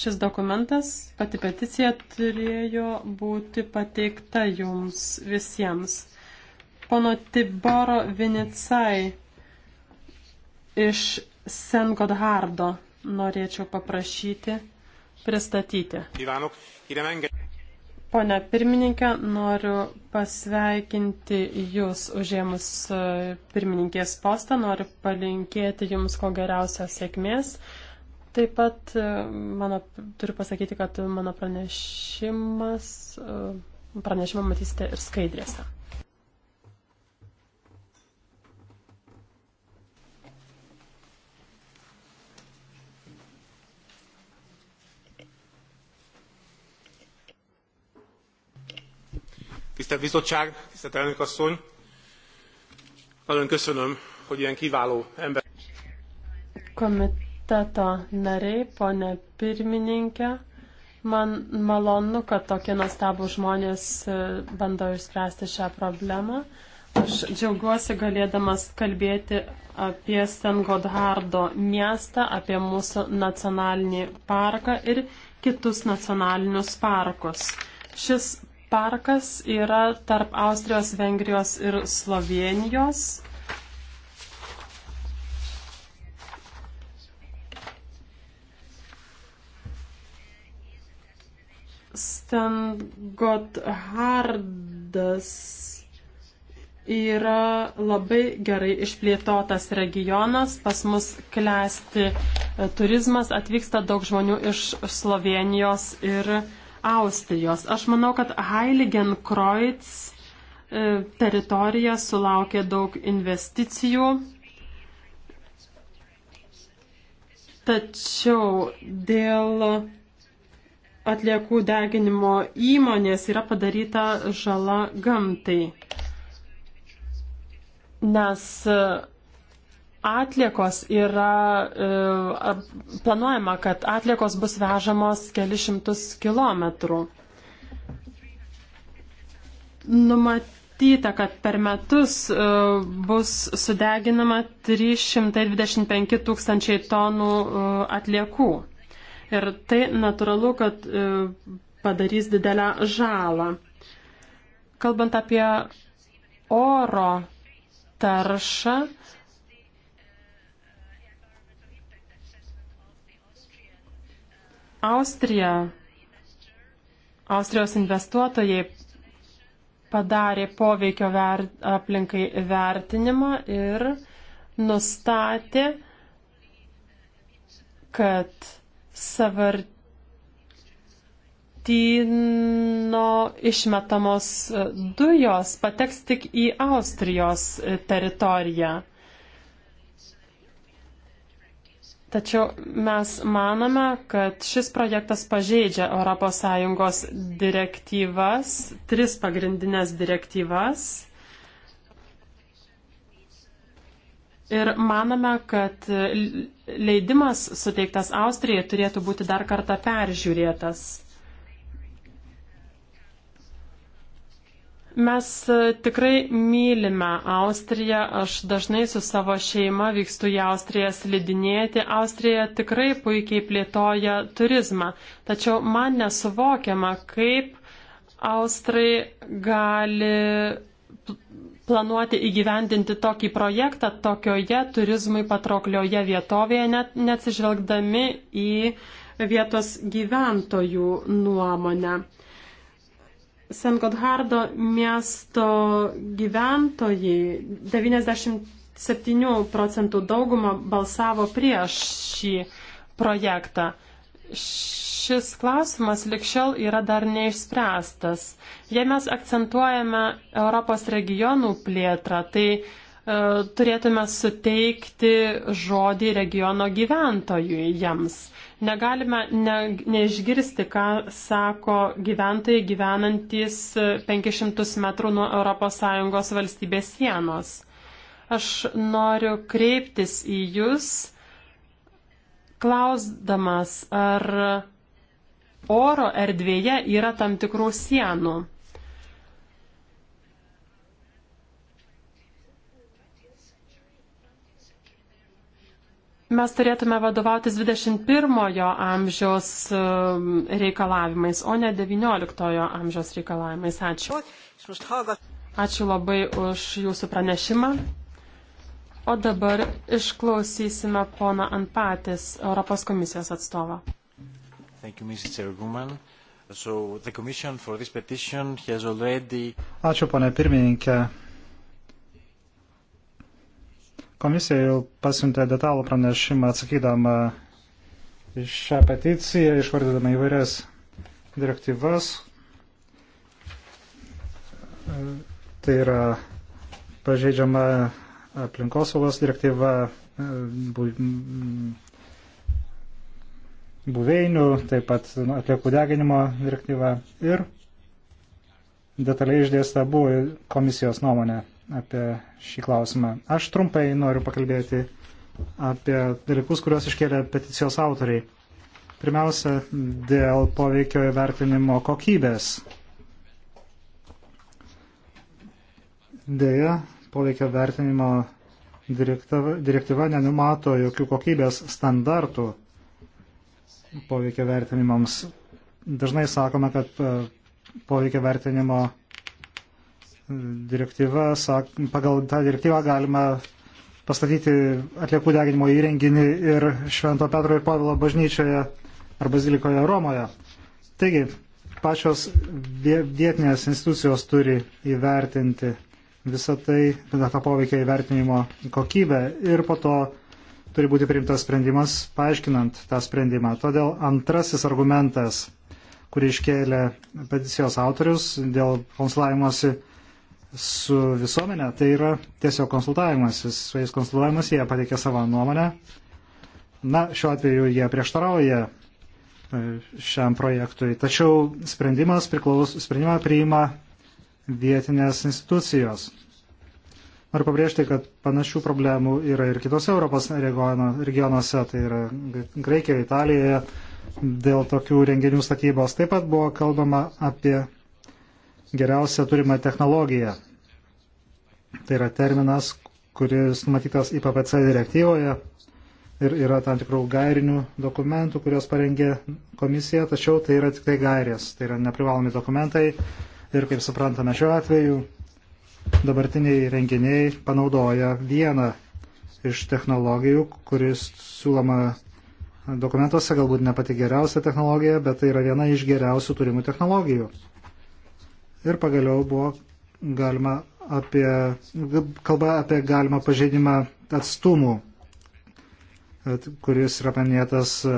Šis dokumentas, pati peticija turėjo būti pateikta jums visiems. Pono Tiboro Vinicai iš Sengodhardo norėčiau paprašyti pristatyti. Pone pirmininkė, noriu pasveikinti Jūs užėmus e, pirmininkės postą, noriu palinkėti Jums ko geriausios sėkmės. Taip pat e, mano, turiu pasakyti, kad mano pranešimas, e, pranešimą matysite ir skaidrėse. Tisztelt Bizottság, tisztelt elnök asszony, nagyon köszönöm, hogy ilyen kiváló ember. Komiteto nariai, ponė pirmininkė, man malonu, kad tokie nuostabų žmonės e, bando išspręsti šią problemą. Aš džiaugiuosi galėdamas kalbėti apie Stengodhardo miestą, apie mūsų nacionalinį parką ir kitus nacionalinius parkus. Šis parkas yra tarp Austrijos, Vengrijos ir Slovenijos. Stengothardas yra labai gerai išplėtotas regionas, pas mus klesti turizmas, atvyksta daug žmonių iš Slovenijos ir Slovenijos. Austrijos. Aš manau, kad Heiligenkreuz e, teritorija sulaukė daug investicijų. Tačiau dėl atliekų deginimo įmonės yra padaryta žala gamtai, nes atliekos yra, e, planuojama, kad atliekos bus vežamos kelišimtus kilometrų. Numatyta, kad per metus e, bus sudeginama 325 tūkstančiai tonų e, atliekų. Ir tai natūralu, kad padarys didelę žalą. Kalbant apie oro taršą, Austrija, Austrijos investuotojai padarė poveikio ver, aplinkai vertinimą ir nustatė, kad savartino išmetamos dujos pateks tik į Austrijos teritoriją. Tačiau mes manome, kad šis projektas pažeidžia ES direktyvas, tris pagrindinės direktyvas. Ir manome, kad leidimas suteiktas Austrijai turėtų būti dar kartą peržiūrėtas. Mes e, tikrai mylime Austriją. Aš dažnai su savo šeima vykstu į Austriją slidinėti. Austrija tikrai puikiai plėtoja turizmą. Tačiau man nesuvokiama, kaip Austrai gali planuoti įgyvendinti tokį projektą tokioje turizmui patrauklioje vietovėje, net neatsižvelgdami į vietos gyventojų nuomonę. Sen Godhardo miesto gyventojai 97 procentų daugumą balsavo prieš šį projektą. Šis klausimas likščiau yra dar neišspręstas. Jei mes akcentuojame Europos regionų plėtrą, tai e, turėtume suteikti žodį regiono gyventojui jiems. Negalime ne, neišgirsti, ką sako gyventojai gyvenantis 500 metrų nuo ES valstybės sienos. Aš noriu kreiptis į Jūs, klausdamas, ar oro erdvėje yra tam tikrų sienų. mes turėtume vadovautis 21-ojo amžiaus um, reikalavimais, o ne 19-ojo amžiaus reikalavimais. Ačiū. Ačiū labai už jūsų pranešimą. O dabar išklausysime poną Anpatis, Europos komisijos atstovą. Thank you, Mrs. Chairwoman. So the Commission for this petition has already... Ačiū, ponė pirmininkė. Komisija jau pasiuntė detalų pranešimą atsakydama šią peticiją, išvardydama įvairias direktyvas. Tai yra pažeidžiama aplinkosaugos direktyva buveinių, taip pat atliekų deginimo direktyva ir detaliai išdėsta buvo komisijos nuomonė apie šį klausimą. Aš trumpai noriu pakalbėti apie dalykus, kuriuos iškėlė peticijos autoriai. Pirmiausia, dėl poveikio įvertinimo kokybės. Deja, poveikio vertinimo direktyva, direktyva nenumato jokių kokybės standartų poveikio vertinimams. Dažnai sakome, kad e, poveikio vertinimo direktyva, sak, pagal tą direktyvą galima pastatyti atliekų deginimo įrenginį ir Švento Petro ir Povilo bažnyčioje ar bazilikoje Romoje. Taigi, pačios vietinės institucijos turi įvertinti visą tai, tą poveikia įvertinimo kokybę ir po to turi būti priimtas sprendimas, paaiškinant tą sprendimą. Todėl antrasis argumentas, kurį iškėlė peticijos autorius dėl konsulavimosi su visuomenė, tai yra tiesiog konsultavimas, su jais konsultavimas, jie pateikia savo nuomonę. Na, šiuo atveju jie prieštarauja e, šiam projektui, tačiau sprendimas priklaus, sprendimą priima vietinės institucijos. Noriu pabrėžti, kad panašių problemų yra ir kitose Europos regionuose, tai yra Graikijoje, Italijoje, dėl tokių renginių statybos. Taip pat buvo kalbama apie geriausia turima technologija. Tai yra terminas, kuris numatytas IPPC direktyvoje ir yra tam tikrų gairinių dokumentų, kurios parengė komisija, tačiau tai yra tik tai gairės, tai yra neprivalomi dokumentai ir kaip suprantame šiuo atveju, dabartiniai renginiai panaudoja vieną iš technologijų, kuris siūloma dokumentuose, galbūt ne pati geriausia technologija, bet tai yra viena iš geriausių turimų technologijų. Ir pagaliau buvo galima apie, kalba apie galimą pažeidimą atstumų, kuris yra paminėtas e,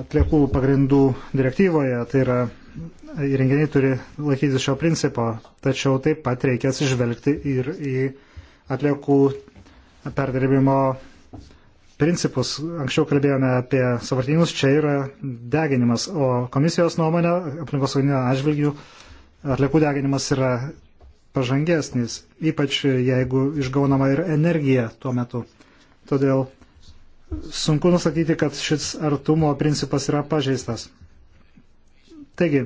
atliekų pagrindų direktyvoje, tai yra e, įrenginiai turi laikytis šio principo, tačiau taip pat reikia atsižvelgti ir į atliekų perdirbimo principus. Anksčiau kalbėjome apie savartinius, čia yra deginimas, o komisijos nuomonė aplinkosauginio atžvilgių atliekų deginimas yra pažangesnis, ypač jeigu išgaunama ir energija tuo metu. Todėl sunku nusakyti, kad šis artumo principas yra pažeistas. Taigi,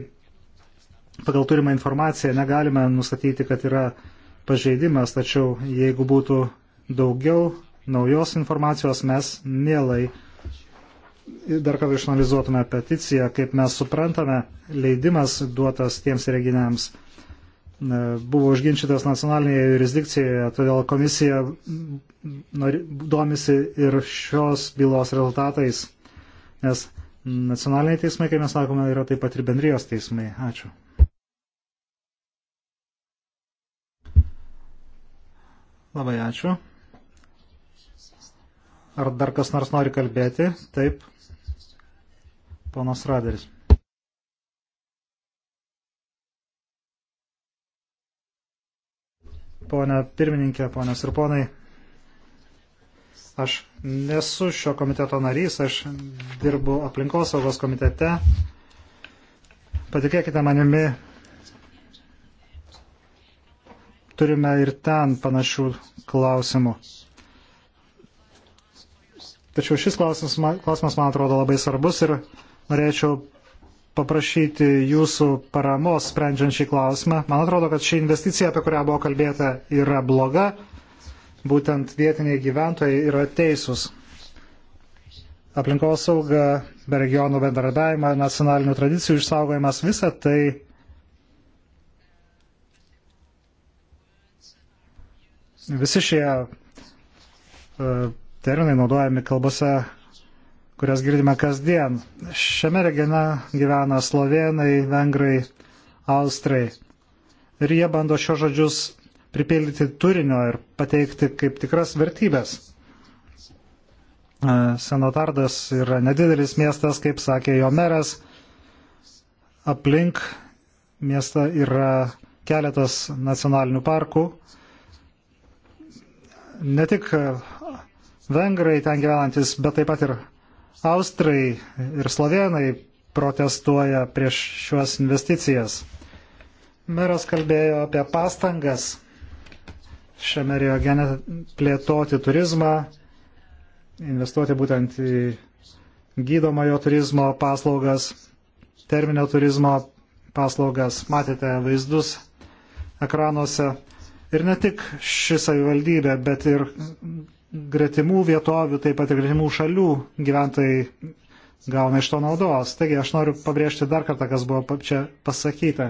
pagal turimą informaciją negalime nustatyti, kad yra pažeidimas, tačiau jeigu būtų daugiau naujos informacijos, mes mielai dar kartą išanalizuotume peticiją, kaip mes suprantame, leidimas duotas tiems reginiams e, buvo užginčytas nacionalinėje jurisdikcijoje, todėl komisija domisi ir šios bylos rezultatais, nes nacionaliniai teismai, kaip mes sakome, yra taip pat ir bendrijos teismai. Ačiū. Labai ačiū. Ar dar kas nors nori kalbėti? Taip. Ponas Raderis. Pone pirmininkė, ponios ir ponai, aš nesu šio komiteto narys, aš dirbu aplinkosaugos komitete. Patikėkite manimi, turime ir ten panašių klausimų. Tačiau šis klausimas, klausimas man atrodo labai svarbus ir norėčiau paprašyti jūsų paramos sprendžiant šį klausimą. Man atrodo, kad ši investicija, apie kurią buvo kalbėta, yra bloga. Būtent vietiniai gyventojai yra teisūs. Aplinkosauga, be regionų bendradarbiavimą, nacionalinių tradicijų išsaugojimas, visa tai visi šie uh, terminai naudojami kalbose, kurias girdime kasdien. Šiame regione gyvena slovenai, vengrai, austrai. Ir jie bando šios žodžius pripildyti turinio ir pateikti kaip tikras vertybės. Senotardas yra nedidelis miestas, kaip sakė jo meras. Aplink miestą yra keletas nacionalinių parkų. Ne tik vengrai ten gyvenantis, bet taip pat ir austrai ir slovenai protestuoja prieš šiuos investicijas. Meras kalbėjo apie pastangas šiame regione plėtoti turizmą, investuoti būtent į gydomojo turizmo paslaugas, terminio turizmo paslaugas. Matėte vaizdus ekranuose. Ir ne tik ši savivaldybė, bet ir gretimų vietovių, taip pat ir gretimų šalių gyventojai gauna iš to naudos. Taigi aš noriu pabrėžti dar kartą, kas buvo čia pasakyta.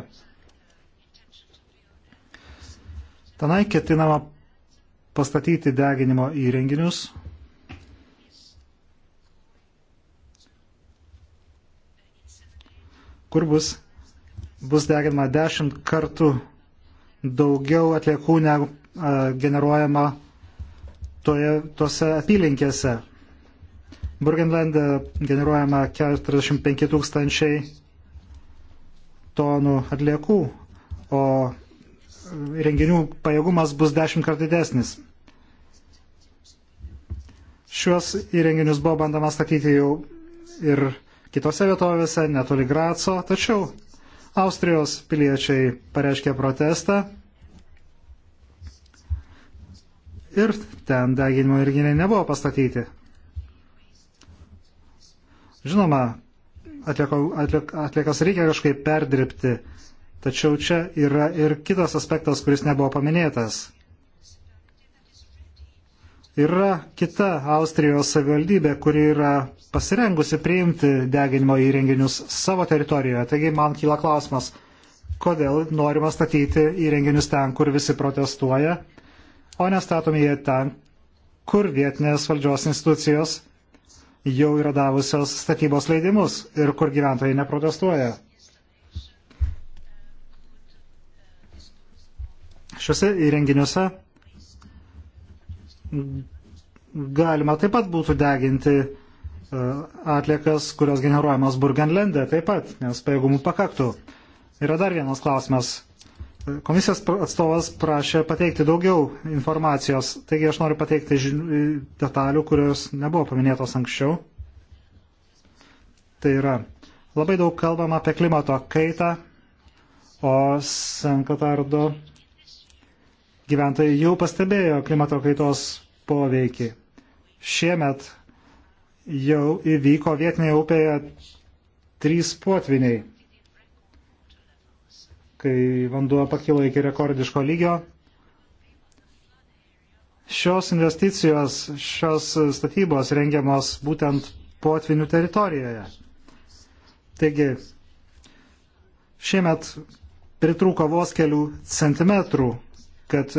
Tenai ketinama pastatyti deginimo įrenginius. kur bus, bus deginama dešimt kartų daugiau atliekų negu generuojama toje, tose apylinkėse. Burgenlande generuojama 45 tūkstančiai tonų atliekų, o renginių pajėgumas bus dešimt kart didesnis. Šiuos įrenginius buvo bandama statyti jau ir kitose vietovėse, netoli Graco, tačiau Austrijos piliečiai pareiškė protestą ir ten deginimo įrenginiai nebuvo pastatyti. Žinoma, atlieko, atliek, atliekas reikia kažkaip perdirbti, tačiau čia yra ir kitas aspektas, kuris nebuvo paminėtas. Yra kita Austrijos savivaldybė, kuri yra pasirengusi priimti deginimo įrenginius savo teritorijoje. Taigi man kyla klausimas, kodėl norima statyti įrenginius ten, kur visi protestuoja o nestatomi jie ten, kur vietinės valdžios institucijos jau yra davusios statybos leidimus ir kur gyventojai neprotestuoja. Šiuose įrenginiuose galima taip pat būtų deginti e, atliekas, kurios generuojamos Burgenlende taip pat, nes pajėgumų pakaktų. Yra dar vienas klausimas Komisijos atstovas prašė pateikti daugiau informacijos, taigi aš noriu pateikti detalių, kurios nebuvo paminėtos anksčiau. Tai yra, labai daug kalbama apie klimato kaitą, o Sankatardo gyventojai jau pastebėjo klimato kaitos poveikį. Šiemet jau įvyko vietinėje upėje trys potviniai kai vanduo pakilo iki rekordiško lygio. Šios investicijos, šios statybos rengiamos būtent potvinių teritorijoje. Taigi, šiemet pritrūko vos kelių centimetrų, kad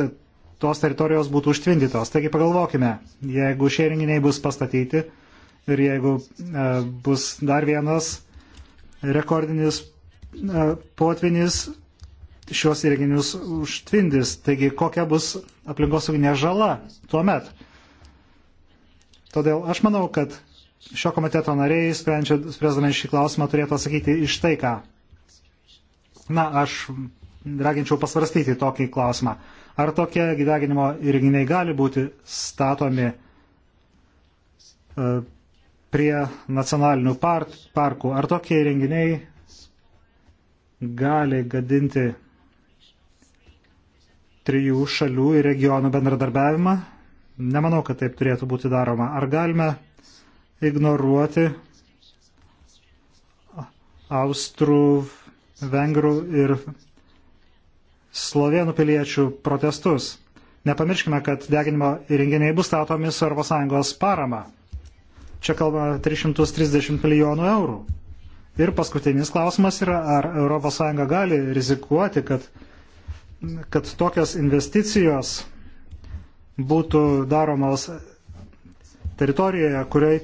tos teritorijos būtų užtvindytos. Taigi pagalvokime, jeigu šie renginiai bus pastatyti ir jeigu e, bus dar vienas rekordinis e, potvinis, šios įrenginius užtvindys. Taigi, kokia bus aplinkosauginė žala tuo met? Todėl aš manau, kad šio komiteto nariai, spręsdami šį klausimą, turėtų atsakyti iš tai, ką. Na, aš raginčiau pasvarstyti tokį klausimą. Ar tokie gydaginimo įrenginiai gali būti statomi e, prie nacionalinių parkų? Ar tokie įrenginiai gali gadinti trijų šalių ir regionų bendradarbiavimą? Nemanau, kad taip turėtų būti daroma. Ar galime ignoruoti austrų, vengrų ir slovėnų piliečių protestus? Nepamirškime, kad deginimo įrenginiai bus statomi su ES parama. Čia kalbame 330 milijonų eurų. Ir paskutinis klausimas yra, ar ES gali rizikuoti, kad kad tokios investicijos būtų daromos teritorijoje, kuriai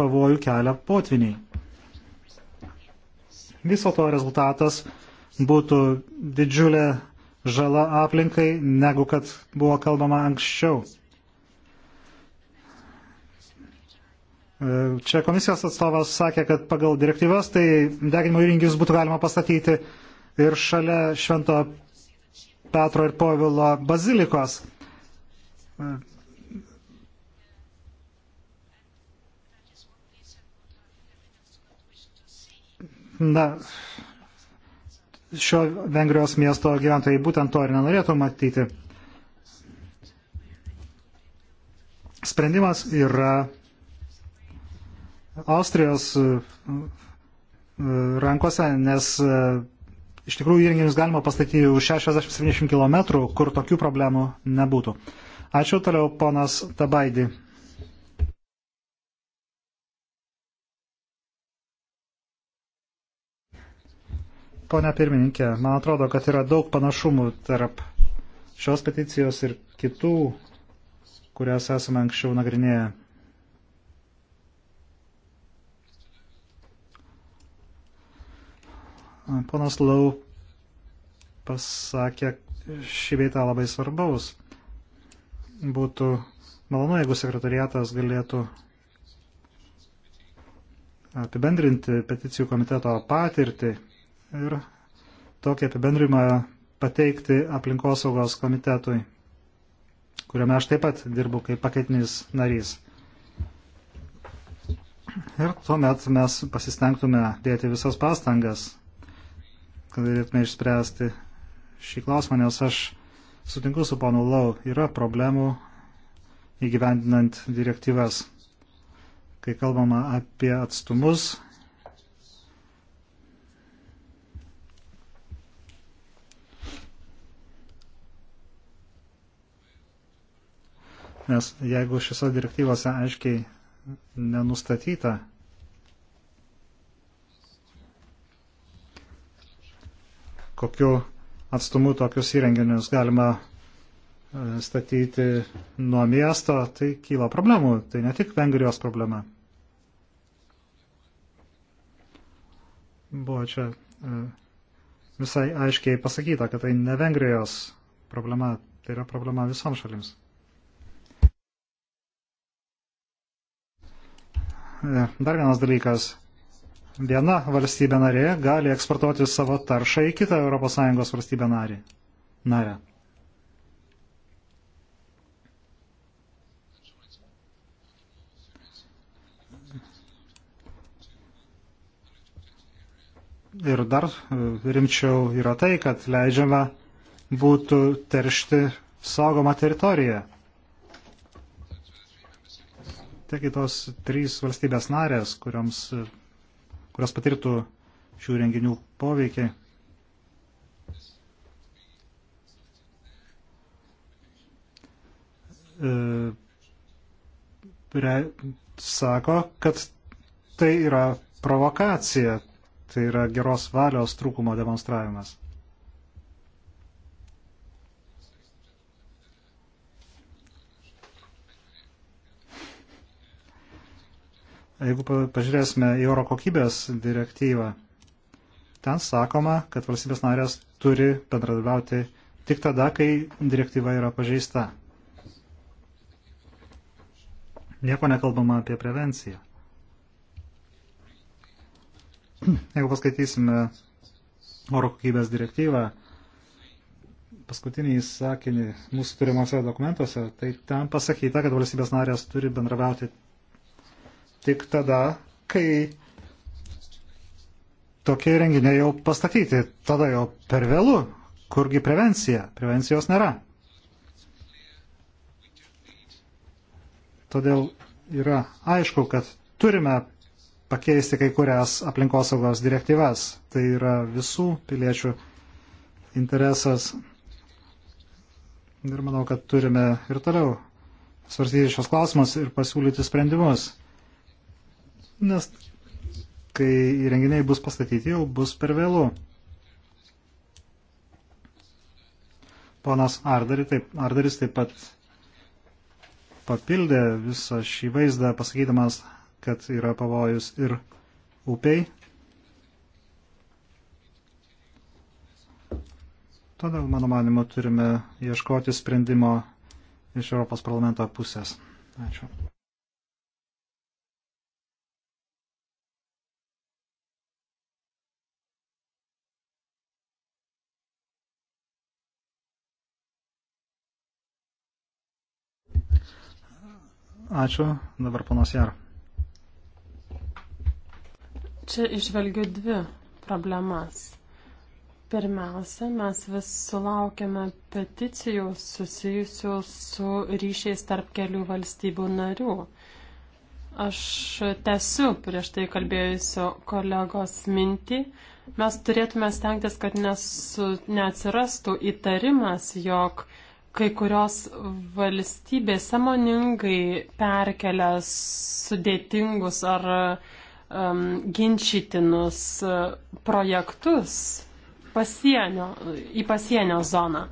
pavojų kelia potviniai. Viso to rezultatas būtų didžiulė žala aplinkai, negu kad buvo kalbama anksčiau. Čia komisijos atstovas sakė, kad pagal direktyvas tai deginimo įrengius būtų galima pastatyti ir šalia švento Petro ir Povilo bazilikos. Na, šio Vengrijos miesto gyventojai būtent to ir nenorėtų matyti. Sprendimas yra Austrijos rankose, nes iš tikrųjų įrenginius galima pastatyti už 60-70 km, kur tokių problemų nebūtų. Ačiū toliau, ponas Tabaidi. Pone pirmininkė, man atrodo, kad yra daug panašumų tarp šios peticijos ir kitų, kurias esame anksčiau nagrinėję. Ponas Lau pasakė šį beitą labai svarbaus. Būtų malonu, jeigu sekretariatas galėtų apibendrinti peticijų komiteto patirtį ir tokį apibendrimą pateikti aplinkosaugos komitetui, kuriame aš taip pat dirbu kaip pakaitinis narys. Ir tuomet mes pasistengtume dėti visas pastangas, kad galėtume išspręsti šį klausimą, nes aš sutinku su panu Lau, yra problemų įgyvendinant direktyvas. Kai kalbama apie atstumus, nes jeigu šiose direktyvose aiškiai nenustatyta, kokiu atstumu tokius įrenginius galima e, statyti nuo miesto, tai kyla problemų. Tai ne tik Vengrijos problema. Buvo čia e, visai aiškiai pasakyta, kad tai ne Vengrijos problema, tai yra problema visoms šalims. E, dar vienas dalykas viena valstybė narė gali eksportuoti savo taršą į kitą ES valstybę narį. narę. Ir dar e, rimčiau yra tai, kad leidžiama būtų teršti saugomą teritoriją. Taigi tos trys valstybės narės, kuriams e, kurios patirtų šių renginių poveikiai. E, re, sako, kad tai yra provokacija, tai yra geros valios trūkumo demonstravimas. Jeigu pažiūrėsime į oro kokybės direktyvą, ten sakoma, kad valstybės narės turi bendradarbiauti tik tada, kai direktyva yra pažeista. Nieko nekalbama apie prevenciją. Jeigu paskaitysime oro kokybės direktyvą, paskutinį sakinį mūsų turimuose dokumentuose, tai ten pasakyta, kad valstybės narės turi bendravauti tik tada, kai tokie renginiai jau pastatyti. Tada jau per vėlų. Kurgi prevencija? Prevencijos nėra. Todėl yra aišku, kad turime pakeisti kai kurias aplinkosaugos direktyvas. Tai yra visų piliečių interesas. Ir manau, kad turime ir toliau svarstyti šios klausimus ir pasiūlyti sprendimus nes kai įrenginiai bus pastatyti, jau bus per vėlų. Ponas Ardaris taip, Ardaris taip pat papildė visą šį vaizdą, pasakydamas, kad yra pavojus ir upiai. Todėl, mano manimo, turime ieškoti sprendimo iš Europos parlamento pusės. Ačiū. Ačiū. Dabar ponas Jar. Čia išvelgiu dvi problemas. Pirmiausia, mes vis sulaukėme peticijų susijusių su ryšiais tarp kelių valstybių narių. Aš tesiu prieš tai kalbėjusio kolegos mintį. Mes turėtume stengtis, kad nes, neatsirastų įtarimas, jog uh, kai kurios valstybės samoningai perkelia sudėtingus ar um, ginčytinus uh, projektus pasienio, į pasienio zoną.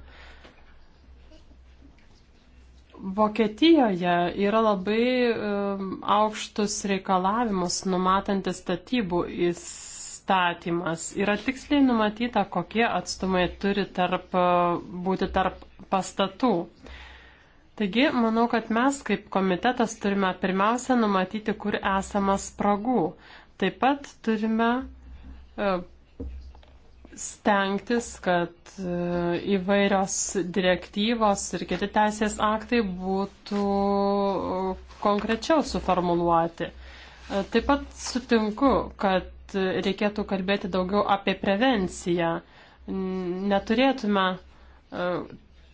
Vokietijoje yra labai um, aukštus reikalavimus numatantis statybų įstatymą įstatymas. Yra tiksliai numatyta, kokie atstumai turi tarp, būti tarp pastatų. Taigi, manau, kad mes kaip komitetas turime pirmiausia numatyti, kur esamas spragų. Taip pat turime e, stengtis, kad e, įvairios direktyvos ir kiti teisės aktai būtų e, konkrečiau suformuluoti. Taip pat sutinku, kad reikėtų kalbėti daugiau apie prevenciją. Neturėtume e,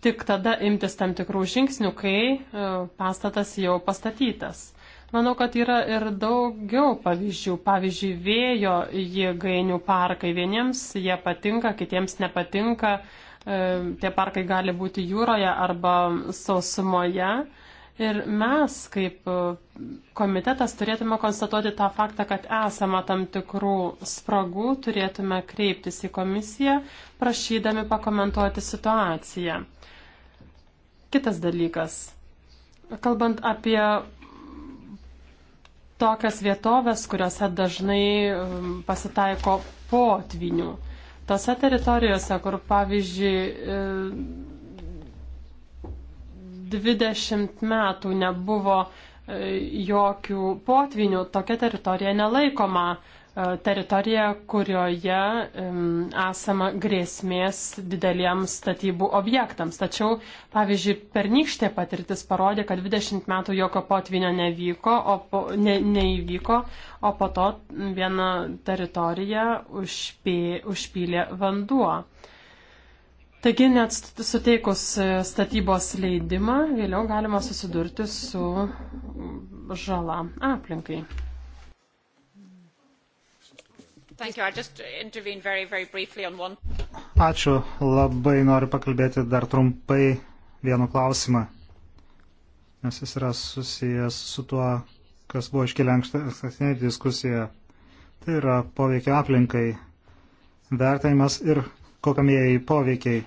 tik tada imtis tam tikrų žingsnių, kai e, pastatas jau pastatytas. Manau, kad yra ir daugiau pavyzdžių. Pavyzdžiui, vėjo jėgainių parkai. Vieniems jie patinka, kitiems nepatinka. E, tie parkai gali būti jūroje arba sausumoje. Ir mes, kaip e, komitetas, turėtume konstatuoti tą faktą, kad esama tam tikrų spragų, turėtume kreiptis į komisiją, prašydami pakomentuoti situaciją. Kitas dalykas. Kalbant apie tokias vietovės, kuriuose dažnai e, pasitaiko potvinių. Tose teritorijose, kur pavyzdžiui e, 20 metų nebuvo e, jokių potvinių. Tokia teritorija nelaikoma e, teritorija, kurioje esama grėsmės dideliems statybų objektams. Tačiau, pavyzdžiui, pernykštė patirtis parodė, kad 20 metų jokio potvinio nevyko, o po, ne, neįvyko, o po to viena teritorija užpė, užpylė vanduo. Uh, Taigi net suteikus e, statybos leidimą, vėliau galima susidurti su mm, žala aplinkai. Very, very on Ačiū. Labai noriu pakalbėti dar trumpai vienu klausimą, nes jis yra susijęs su tuo, kas buvo iškilę ankstesnėje diskusijoje. Tai yra poveikio aplinkai vertinimas ir kokiamieji poveikiai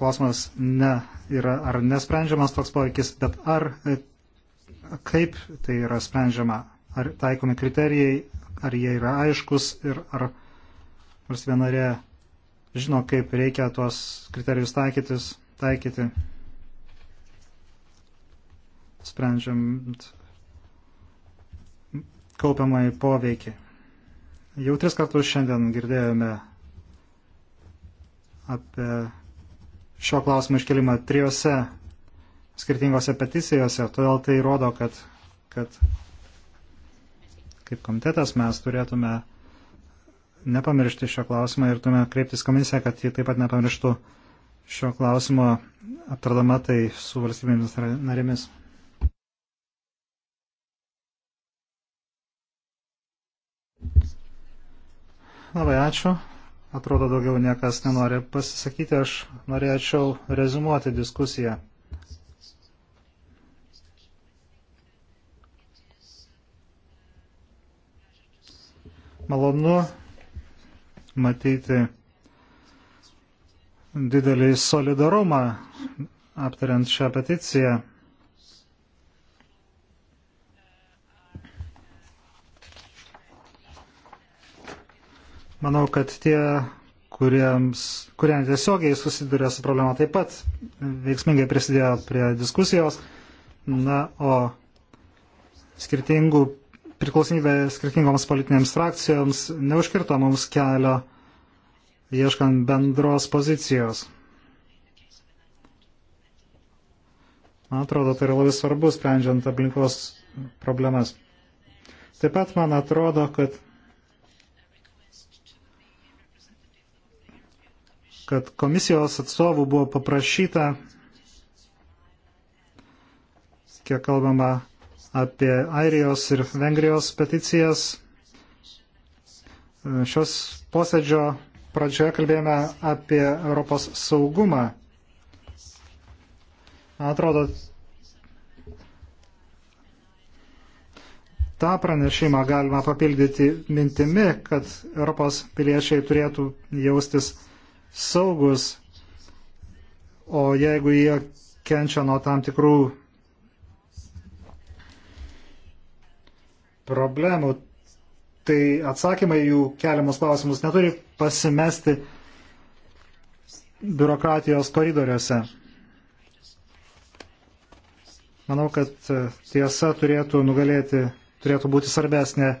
klausimas ne yra ar nesprendžiamas toks poveikis, bet ar e, kaip tai yra sprendžiama, ar taikomi kriterijai, ar jie yra aiškus ir ar valstybė narė žino, kaip reikia tuos kriterijus taikytis, taikyti, sprendžiant kaupiamai poveikį. Jau tris kartus šiandien girdėjome apie šio klausimo iškelimą trijose skirtingose peticijose, todėl tai rodo, kad, kad kaip komitetas mes turėtume nepamiršti šio klausimo ir turime kreiptis komisiją, kad ji taip pat nepamirštų šio klausimo aptardama tai su valstybėmis narėmis. Labai ačiū. Atrodo, daugiau niekas nenori pasisakyti. Aš norėčiau rezumuoti diskusiją. Malonu matyti didelį solidarumą aptariant šią peticiją. Manau, kad tie, kuriems, kurie tiesiogiai susiduria su problema, taip pat veiksmingai prisidėjo prie diskusijos. Na, o skirtingų priklausomybė skirtingoms politinėms frakcijoms neužkirto mums kelio ieškant bendros pozicijos. Man atrodo, tai yra labai svarbu sprendžiant aplinkos problemas. Taip pat man atrodo, kad kad komisijos atstovų buvo paprašyta, kiek kalbama apie Airijos ir Vengrijos peticijas. Šios posėdžio pradžioje kalbėjome apie Europos saugumą. Man atrodo, tą pranešimą galima papildyti mintimi, kad Europos piliečiai turėtų jaustis saugus, o jeigu jie kenčia nuo tam tikrų problemų, tai atsakymai jų keliamus klausimus neturi pasimesti biurokratijos koridoriuose. Manau, kad e, tiesa turėtų nugalėti, turėtų būti svarbesnė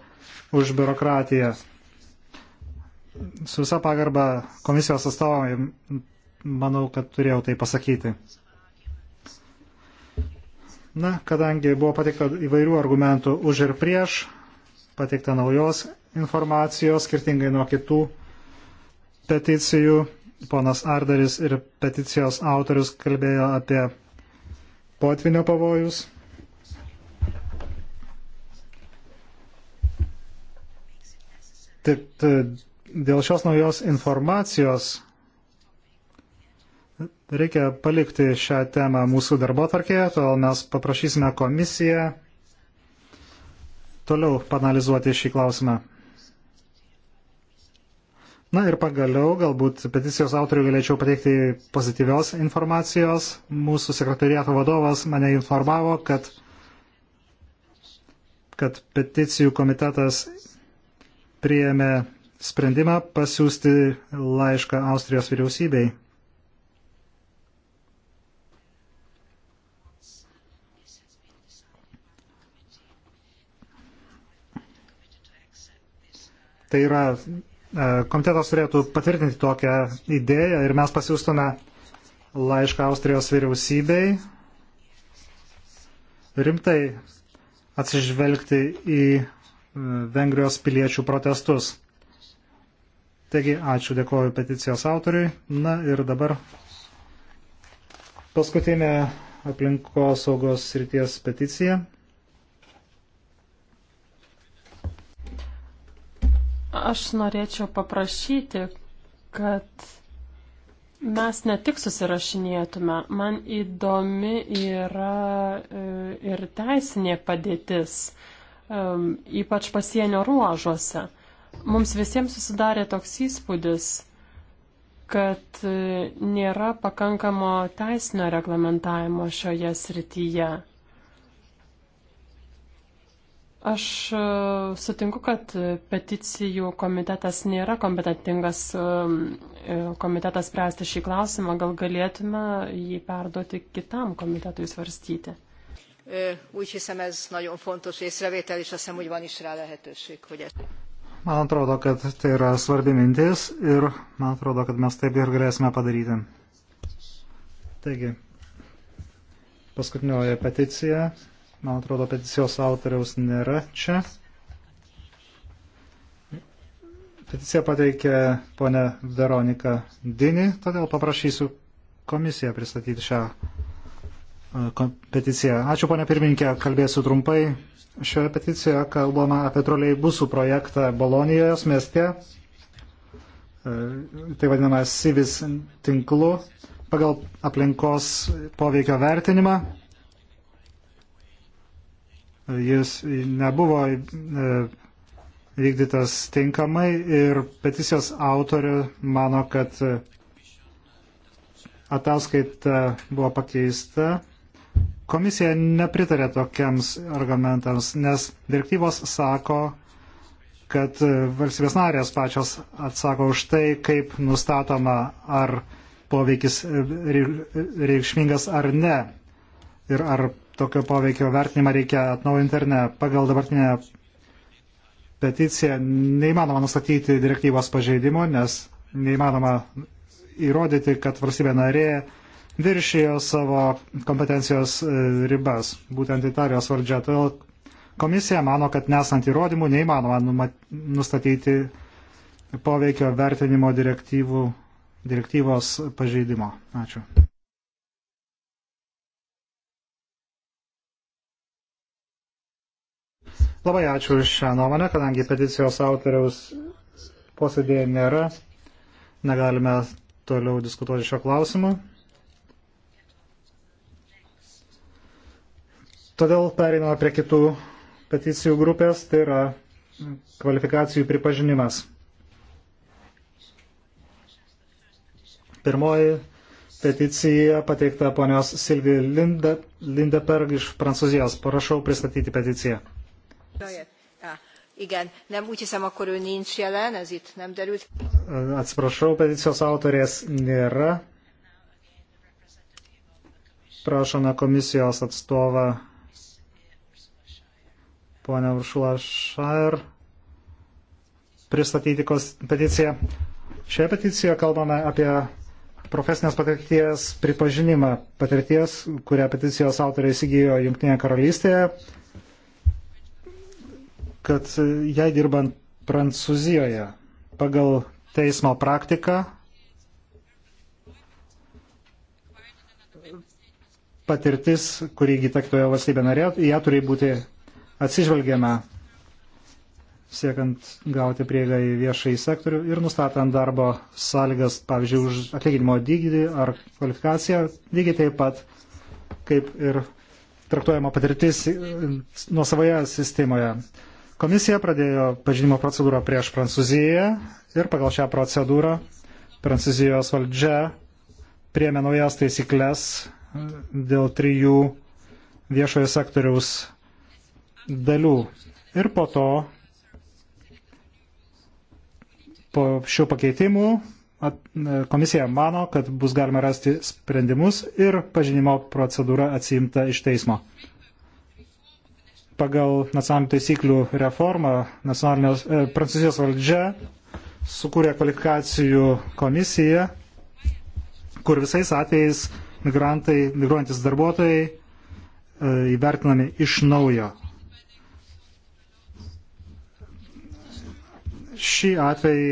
už biurokratiją su visa pagarba komisijos atstovai, manau, kad turėjau tai pasakyti. Na, kadangi buvo pateikta įvairių argumentų už ir prieš, pateikta naujos informacijos, skirtingai nuo kitų peticijų, ponas Ardaris ir peticijos autorius kalbėjo apie potvinio pavojus. Taip, Dėl šios naujos informacijos reikia palikti šią temą mūsų darbo tarkėje, todėl mes paprašysime komisiją toliau panalizuoti šį klausimą. Na ir pagaliau, galbūt peticijos autorių galėčiau pateikti pozityvios informacijos. Mūsų sekretariato vadovas mane informavo, kad, kad peticijų komitetas priėmė sprendimą pasiūsti laišką Austrijos vyriausybei. Tai yra, e, komitetas turėtų patvirtinti tokią idėją ir mes pasiūstume laišką Austrijos vyriausybei rimtai atsižvelgti į e, Vengrijos piliečių protestus. Taigi, ačiū, dėkoju peticijos autoriui. Na ir dabar paskutinė aplinkos saugos srities peticija. Aš norėčiau paprašyti, kad mes ne tik susirašinėtume, man įdomi yra e, ir teisinė padėtis, e, ypač pasienio ruožuose. Mums visiems susidarė toks įspūdis, kad e, nėra pakankamo teisinio reglamentavimo šioje srityje. Aš e, sutinku, kad peticijų komitetas nėra kompetentingas e, komitetas spręsti šį klausimą. Gal galėtume jį perduoti kitam komitetui svarstyti? Úgy hiszem, ez nagyon fontos észrevétel, és azt hiszem, hogy van is rá lehetőség, hogy ezt... Man atrodo, kad tai yra svarbi mintis ir man atrodo, kad mes taip ir galėsime padaryti. Taigi, paskutinioje peticija. Man atrodo, peticijos autoriaus nėra čia. Peticiją pateikė ponė Veronika Dini, todėl paprašysiu komisiją pristatyti šią peticiją. Ačiū, ponia pirmininkė, kalbėsiu trumpai. Šioje peticijoje kalbama apie troleibusų projektą Bolonijos mieste, e, tai vadinama Sivis tinklu, pagal aplinkos poveikio vertinimą. Jis nebuvo e, vykdytas tinkamai ir peticijos autorių mano, kad e, ataskaita buvo pakeista Komisija nepritarė tokiams argumentams, nes direktyvos sako, kad valstybės narės pačios atsako už tai, kaip nustatoma, ar poveikis reikšmingas ar ne. Ir ar tokio poveikio vertinimą reikia atnaujinti ar ne. Pagal dabartinę peticiją neįmanoma nustatyti direktyvos pažeidimo, nes neįmanoma įrodyti, kad valstybė narė viršijo savo kompetencijos e, ribas, būtent Italijos valdžia. Todėl komisija mano, kad nesant įrodymų neįmanoma nustatyti poveikio vertinimo direktyvų, direktyvos pažeidimo. Ačiū. Labai ačiū už šią nuomonę, kadangi peticijos autoriaus posėdėje nėra, negalime toliau diskutuoti šio klausimu. Todėl pereiname prie kitų peticijų grupės, tai yra kvalifikacijų pripažinimas. Pirmoji peticija pateikta ponios Silvi Linde, Lindeberg iš Prancūzijos. Parašau pristatyti peticiją. Igen, nem úgy hiszem, akkor ő nincs jelen, ez itt nem derült. Atsiprašau, peticijos autorės nėra. Prašome komisijos atstovą ponia Uršula Šair pristatyti peticiją. Šioje peticijoje kalbame apie profesinės patirties pripažinimą, patirties, kurią peticijos autoriai įsigijo Junktinėje karalystėje, kad jai dirbant Prancūzijoje pagal teismo praktiką patirtis, kurį įgyta kitoje valstybė narė, ją turi būti atsižvelgiame siekiant gauti prieigą į viešąjį sektorių ir nustatant darbo sąlygas, pavyzdžiui, už atlyginimo dydį ar kvalifikaciją, lygiai taip pat kaip ir traktuojama patirtis nuo savoje sistemoje. Komisija pradėjo pažinimo procedūrą prieš Prancūziją ir pagal šią procedūrą Prancūzijos valdžia priemė naujas taisyklės dėl trijų viešojo sektoriaus dalių. Ir po to, po šių pakeitimų, at, e, komisija mano, kad bus galima rasti sprendimus ir pažinimo procedūra atsiimta iš teismo. Pagal nacionalinių taisyklių reformą e, prancūzijos valdžia sukūrė kvalifikacijų komisiją, kur visais atvejais migrantai, migruojantis darbuotojai e, įvertinami iš naujo. šį atvejį,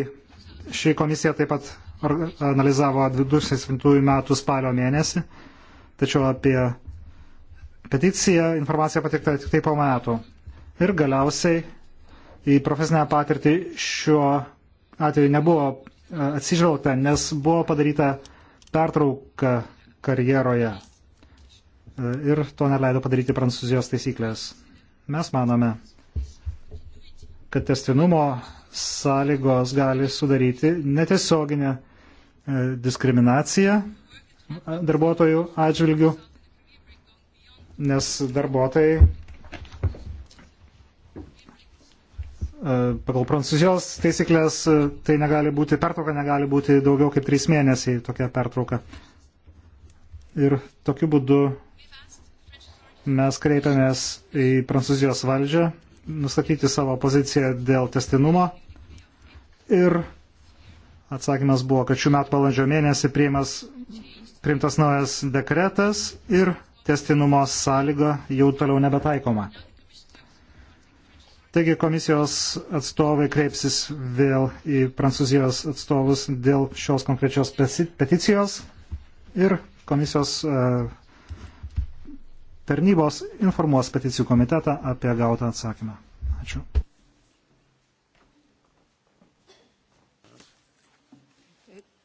šį komisiją taip pat analizavo 2007 metų spalio mėnesį, tačiau apie peticiją informacija patikta tik tai po metų. Ir galiausiai į profesinę patirtį šiuo atveju nebuvo e, atsižvelgta, nes buvo padaryta pertrauka karjeroje. E, ir to neleido padaryti prancūzijos taisyklės. Mes manome, kad testinumo sąlygos gali sudaryti netiesioginę e, diskriminaciją e, darbuotojų atžvilgių, nes darbuotojai e, pagal prancūzijos taisyklės tai negali būti, pertrauka negali būti daugiau kaip trys mėnesiai tokia pertrauka. Ir tokiu būdu mes kreipiamės į prancūzijos valdžią nustatyti savo poziciją dėl testinumo. Ir atsakymas buvo, kad šių metų balandžio mėnesį priimas, priimtas naujas dekretas ir testinumo sąlyga jau toliau nebetaikoma. Taigi komisijos atstovai kreipsis vėl į Prancūzijos atstovus dėl šios konkrečios peticijos ir komisijos uh, tarnybos informuos peticijų komitetą apie gautą atsakymą. Ačiū.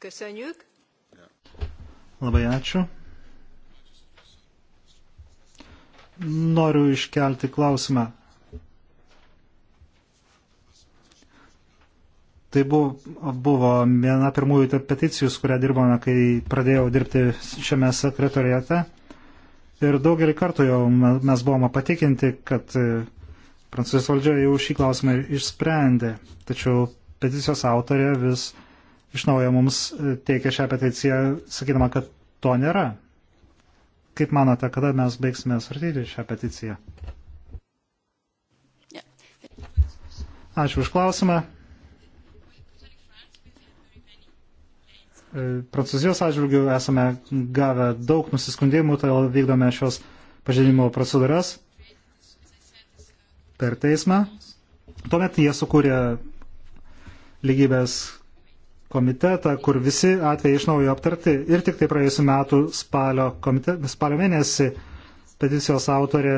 Köszönjük. Labai ačiū. Noriu iškelti klausimą. Tai buvo, buvo viena pirmųjų peticijų, kurią dirbome, kai pradėjau dirbti šiame sekretoriate. Ir daugelį kartų jau mes buvome patikinti, kad e, prancūzijos valdžia jau šį klausimą išsprendė. Tačiau peticijos autorė vis iš naujo mums e, teikia šią peticiją, sakydama, kad to nėra. Kaip manote, kada mes baigsime svartyti šią peticiją? Ačiū už klausimą. Prancūzijos atžvilgių esame gavę daug nusiskundimų, todėl vykdome šios pažeidimo procedūras per teismą. Tuomet jie sukūrė lygybės komitetą, kur visi atvejai iš naujo aptarti ir tik tai praėjusiu metu spalio, komite, spalio mėnesį peticijos autorė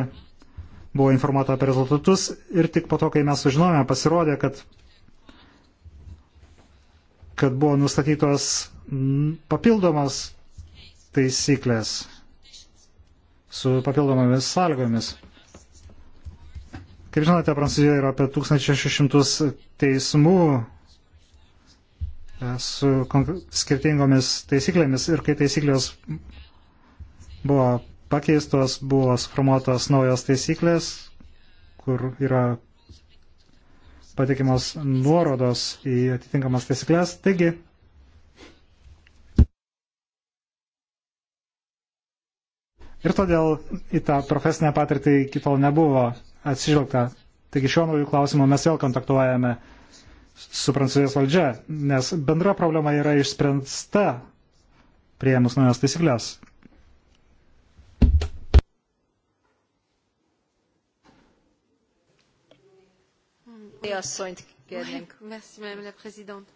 buvo informuota apie rezultatus ir tik po to, kai mes sužinojome, pasirodė, kad kad buvo nustatytos papildomas taisyklės su papildomomis sąlygomis. Kaip žinote, Prancūzijoje yra apie 1600 teismų e, su skirtingomis taisyklėmis ir kai taisyklės buvo pakeistos, buvo sformuotos naujos taisyklės, kur yra patikimos nuorodos į atitinkamas taisyklės. Taigi, ir todėl į tą profesinę patirtį iki tol nebuvo atsižvelgta. Taigi šiuo naujų klausimu mes vėl kontaktuojame su prancūzijos valdžia, nes bendra problema yra išsprendsta prie mūsų naujos taisyklės. asszonyt kérnénk. Merci, Madame la Présidente.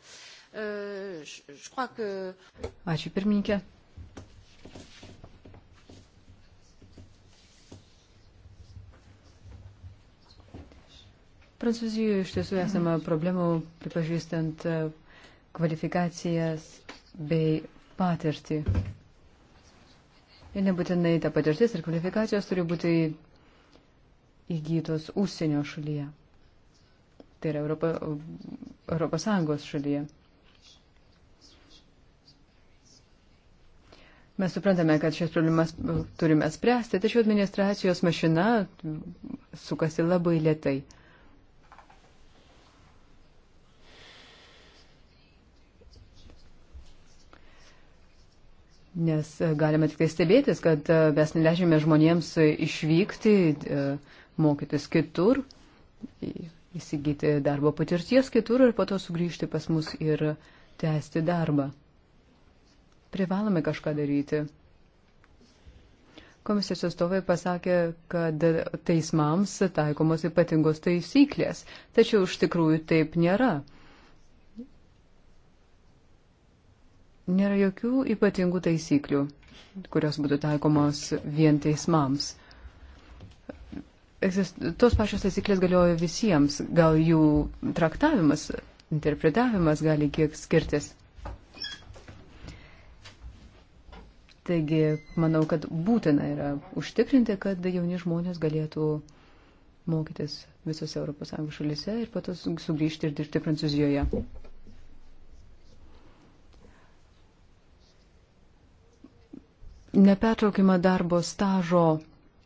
Euh, je, je crois que... Ačiū, pirmininkė. Prancūzijoje iš tiesų esame problemų pripažįstant e, kvalifikacijas bei patirtį. Ir nebūtinai ta patirtis ir kvalifikacijos turi būti įgytos užsienio šalyje tai yra Europa, Europos Sąjungos šalyje. Mes suprantame, kad šias problemas turime spręsti, tačiau administracijos mašina sukasi labai lietai. Nes galime tik tai stebėtis, kad mes neleidžiame žmonėms išvykti, mokytis kitur, įsigyti darbo patirties kitur ir po to sugrįžti pas mus ir tęsti darbą. Privalome kažką daryti. Komisijos atstovai pasakė, kad teismams taikomos ypatingos taisyklės, tačiau iš tikrųjų taip nėra. Nėra jokių ypatingų taisyklių, kurios būtų taikomos vien teismams tos pačios taisyklės galioja visiems, gal jų traktavimas, interpretavimas gali kiek skirtis. Taigi, manau, kad būtina yra užtikrinti, kad jauni žmonės galėtų mokytis visose ES šalise ir pato sugrįžti ir dirbti Prancūzijoje. Nepertraukimą darbo stažo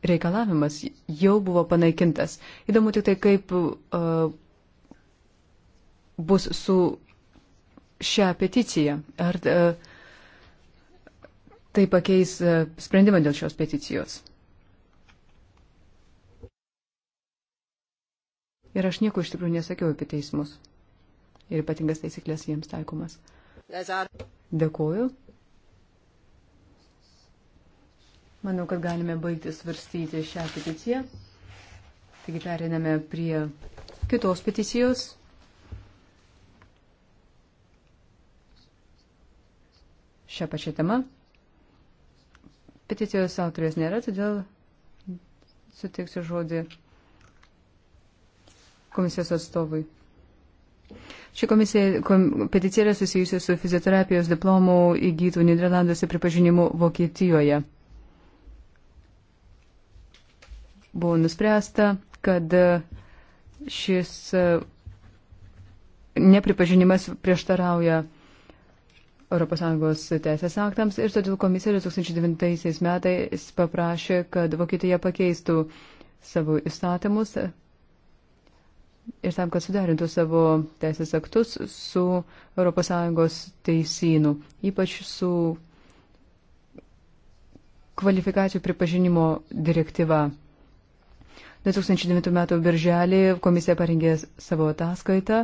reikalavimas jau buvo panaikintas. Įdomu tik tai, kaip uh, bus su šią peticiją. Ar uh, tai pakeis uh, sprendimą dėl šios peticijos? Ir aš nieko iš tikrųjų nesakiau apie teismus. Ir ypatingas taisyklės jiems taikomas. Dėkuoju. Manau, kad galime baigti svarstyti šią peticiją. Taigi periname prie kitos peticijos. Šią pačią temą. Peticijos autorės nėra, todėl sutiksiu žodį komisijos atstovui. Ši komisija, kom, peticija yra susijusi su fizioterapijos diplomų įgytų Niderlanduose pripažinimu Vokietijoje. buvo nuspręsta, kad e, šis e, nepripažinimas prieštarauja ES teisės aktams ir todėl komisija 2009 metais paprašė, kad Vokietija pakeistų savo įstatymus ir tam, kad suderintų savo teisės aktus su ES teisynu, ypač su kvalifikacijų pripažinimo direktyva. 2009 m. birželį komisija parengė savo ataskaitą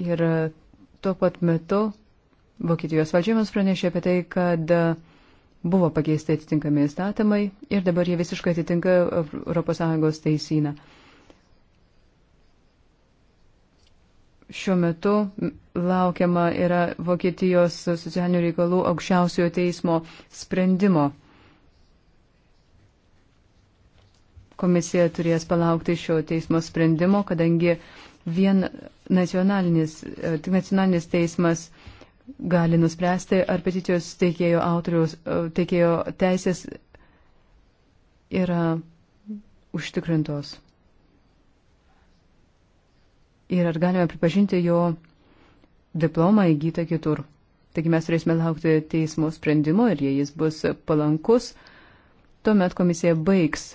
ir tuo pat metu Vokietijos valdžia mums pranešė apie tai, kad buvo pakeisti atitinkami įstatymai ir dabar jie visiškai atitinka ES teisyną. šiuo metu laukiama yra Vokietijos socialinių reikalų aukščiausiojo teismo sprendimo Komisija turės palaukti šio teismo sprendimo, kadangi vien nacionalinis, e, tik nacionalinis teismas gali nuspręsti, ar peticijos teikėjo autoriaus, e, teikėjo teisės yra užtikrintos. Ir ar galime pripažinti jo diplomą įgytą kitur. Taigi mes turėsime laukti teismo sprendimo ir jei jis bus palankus, tuomet komisija baigs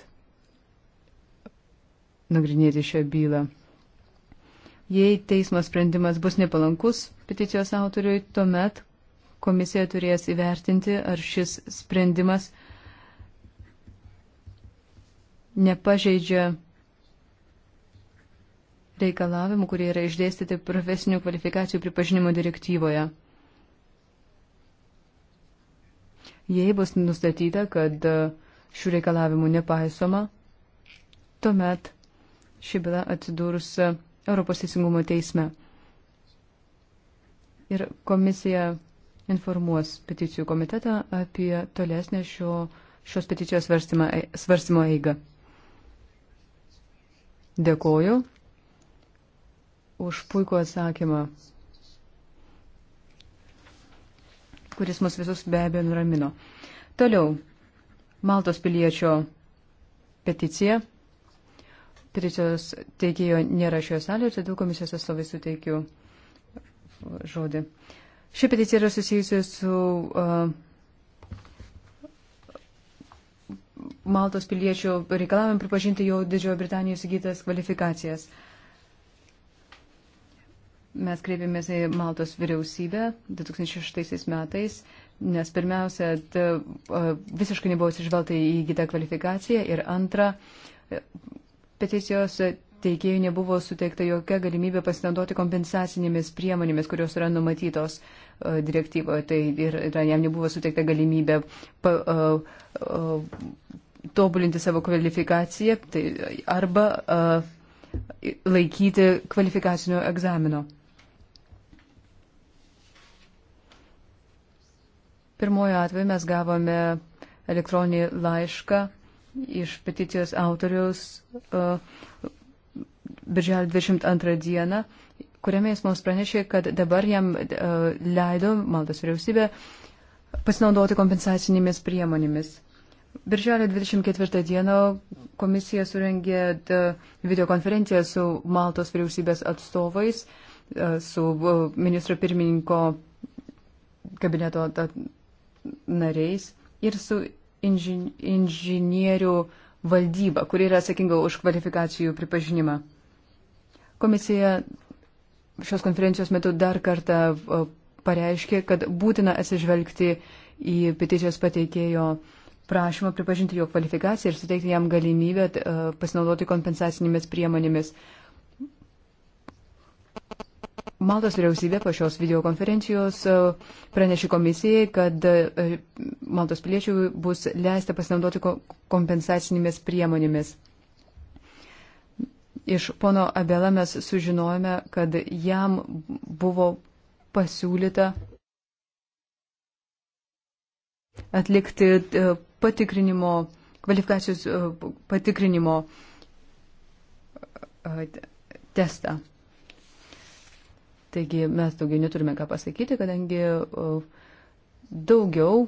nagrinėti šią bylą. Jei teismo sprendimas bus nepalankus peticijos autoriui, tuomet komisija turės įvertinti, ar šis sprendimas nepažeidžia reikalavimų, kurie yra išdėstyti profesinių kvalifikacijų pripažinimo direktyvoje. Jei bus nustatyta, kad šių reikalavimų nepaisoma, tuomet ši byla atsidūrus Europos teisingumo teisme. Ir komisija informuos peticijų komitetą apie tolesnę šio, šios peticijos svarstymo eigą. Dėkoju už puikų atsakymą, kuris mus visus be abejo nuramino. Toliau, Maltos piliečio peticija peticijos teikėjo nėra šioje salėje ir todėl komisijos atstovai suteikiu žodį. Ši peticija yra susijusi su uh, Maltos piliečių reikalavimą pripažinti jau Didžiojo Britanijoje įsigytas kvalifikacijas. Mes kreipėmės į Maltos vyriausybę 2006 metais, nes pirmiausia, uh, visiškai nebuvo atsižvelgta į įgytą kvalifikaciją ir antra, peticijos teikėjų nebuvo suteikta jokia galimybė pasinaudoti kompensacinėmis priemonėmis, kurios yra numatytos e, direktyvoje. Tai ir jam nebuvo suteikta galimybė pa, a, e, a, e, tobulinti savo kvalifikaciją tai, arba a, laikyti kvalifikacinio egzamino. Pirmojo atveju mes gavome elektroninį laišką iš peticijos autoriaus uh, birželio 22 dieną, kuriame jis mums pranešė, kad dabar jam uh, leido Maltos vyriausybė pasinaudoti kompensacinėmis priemonėmis. Birželio 24 dieną komisija surengė e, videokonferenciją su Maltos vyriausybės atstovais, uh, su ministro pirmininko kabineto nariais ir su inžin, inžinierių valdyba, kuri yra atsakinga už kvalifikacijų pripažinimą. Komisija šios konferencijos metu dar kartą pareiškė, kad būtina atsižvelgti į peticijos pateikėjo prašymą pripažinti jo kvalifikaciją ir suteikti jam galimybę pasinaudoti kompensacinėmis priemonėmis. Maltos vyriausybė po šios videokonferencijos e, pranešė komisijai, kad e, Maltos piliečių bus leista pasinaudoti kompensacinėmis priemonėmis. Iš pono Abela mes sužinojome, kad jam buvo pasiūlyta atlikti e, patikrinimo, kvalifikacijos patikrinimo testą. Taigi mes daugiau neturime ką pasakyti, kadangi daugiau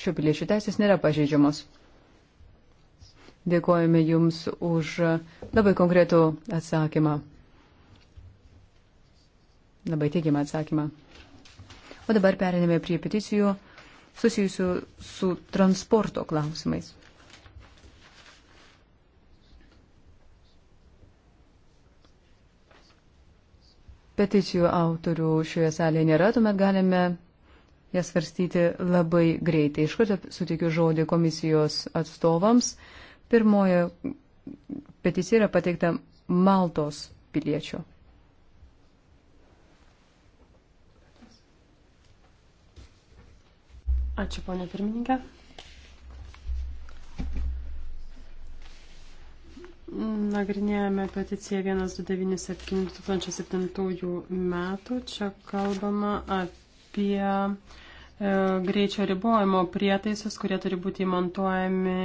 šių piliečių teisės nėra pažeidžiamos. Dėkojame Jums už labai konkretų atsakymą. Labai teigiamą atsakymą. O dabar perinėme prie peticijų susijusių su transporto klausimais. peticijų autorių šioje salėje nėra, tuomet galime jas svarstyti labai greitai. Iš karto sutikiu žodį komisijos atstovams. Pirmoji peticija yra pateikta Maltos piliečio. Ačiū, ponė pirmininkė. Nagrinėjame peticiją 129-2007 metų. Čia kalbama apie e, greičio ribojimo prietaisus, kurie turi būti įmontuojami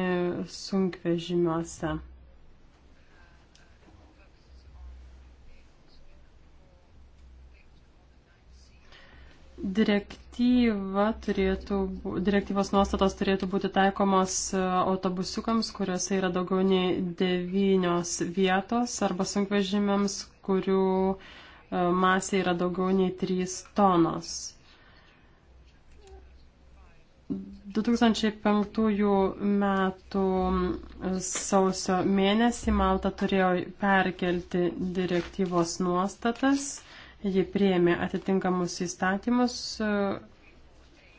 sunkvežimiuose. Direktyva turėtų, direktyvos nuostatos turėtų būti taikomos e, autobusiukams, kuriuose yra daugiau nei devynios vietos arba sunkvežimiams, kurių e, masė yra daugiau nei 3 tonos. 2005 metų sausio mėnesį Malta turėjo perkelti direktyvos nuostatas Ji prieėmė atitinkamus įstatymus. E,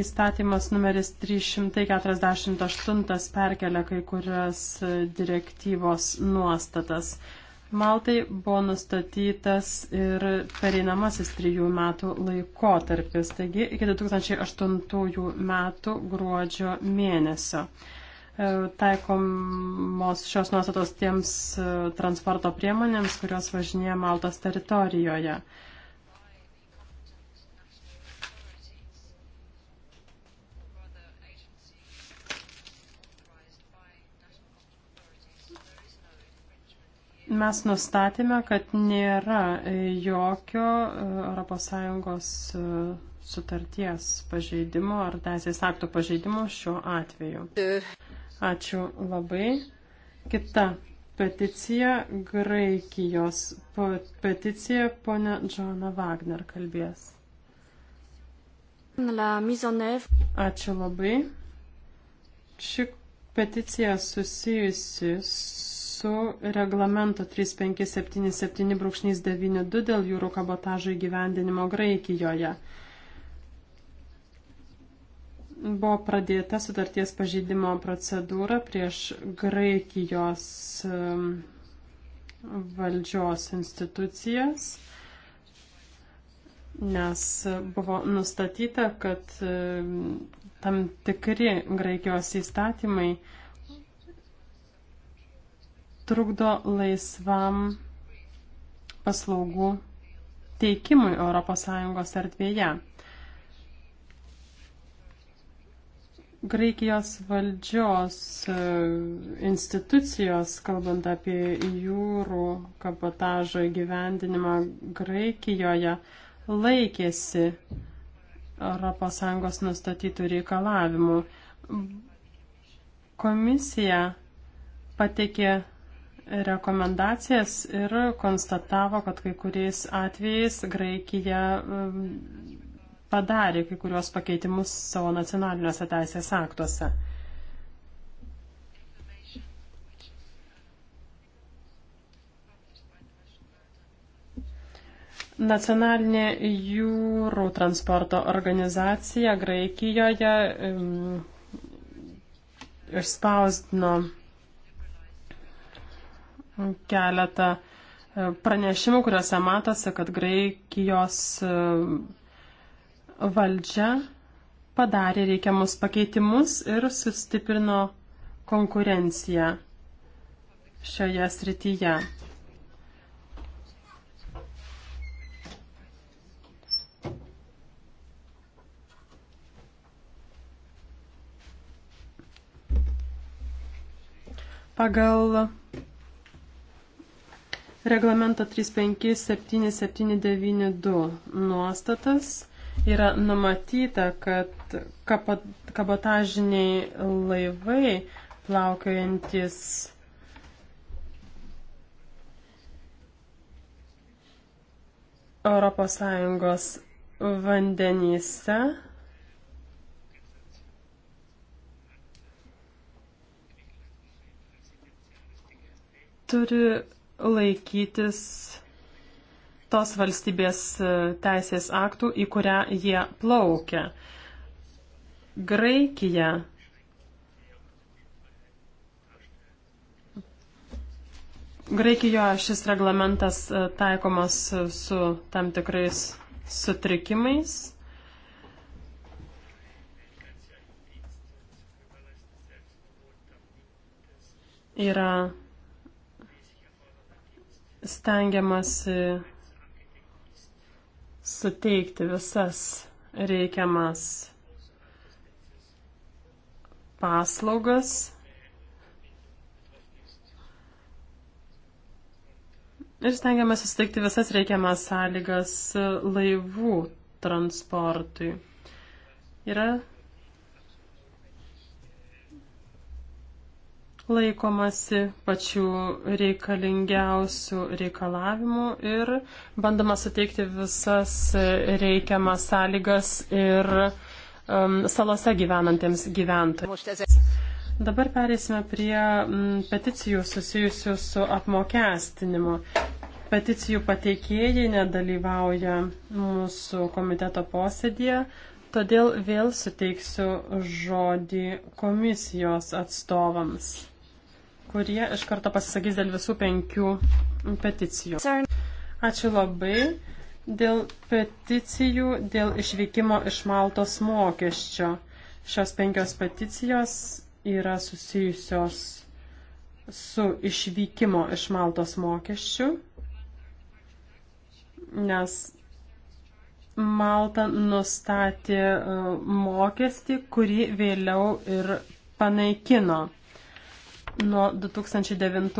įstatymas numeris 348 perkelia kai kurias e, direktyvos nuostatas. Maltai buvo nustatytas ir pereinamasis trijų metų laikotarpis, taigi iki 2008 metų gruodžio mėnesio. E, taikomos šios nuostatos tiems e, transporto priemonėms, kurios važinėja Maltos teritorijoje. Mes nustatėme, kad nėra jokio e, ES sutarties pažeidimo ar teisės aktų pažeidimo šiuo atveju. Uh. Ačiū labai. Kita peticija, Graikijos peticija, ponia Džona Wagner kalbės. Ačiū labai. Ši peticija susijusi su reglamento 3577-92 dėl jūrų kabotažo įgyvendinimo Graikijoje buvo pradėta sutarties pažeidimo procedūra prieš Graikijos valdžios institucijas, nes buvo nustatyta, kad tam tikri Graikijos įstatymai trukdo laisvam paslaugų teikimui ES erdvėje. Graikijos valdžios e, institucijos, kalbant apie jūrų kabotažo įgyvendinimą Graikijoje, laikėsi ES nustatytų reikalavimų. Komisija pateikė rekomendacijas ir konstatavo, kad kai kuriais atvejais Graikija padarė kai kurios pakeitimus savo nacionaliniuose teisės aktuose. Nacionalinė jūrų transporto organizacija Graikijoje um, išspausdino keletą e, pranešimų, kuriuose matosi, kad Graikijos um, valdžia padarė reikiamus pakeitimus ir sustiprino konkurenciją šioje srityje. Pagal reglamento 35792 nuostatas yra numatyta, kad kabotažiniai laivai plaukiojantis Europos Sąjungos vandenyse turi laikytis tos valstybės e, teisės aktų, į kurią jie plaukia. Graikija Graikijoje šis reglamentas e, taikomas su tam tikrais sutrikimais. Yra stengiamasi suteikti visas reikiamas paslaugas. Ir stengiamės susteikti visas reikiamas sąlygas laivų transportui. Yra laikomasi pačių reikalingiausių reikalavimų ir bandoma suteikti visas reikiamas sąlygas ir um, salose gyvenantiems gyventojams. Dabar perėsime prie m, mm, peticijų susijusių su apmokestinimu. Peticijų pateikėjai nedalyvauja mūsų komiteto posėdėje, todėl vėl suteiksiu žodį komisijos atstovams kurie iš karto pasisakys dėl visų penkių peticijų. Ačiū labai. Dėl peticijų, dėl išvykimo iš Maltos mokesčio. Šios penkios peticijos yra susijusios su išvykimo iš Maltos mokesčių, nes Malta nustatė e, mokestį, kurį vėliau ir panaikino nuo 2009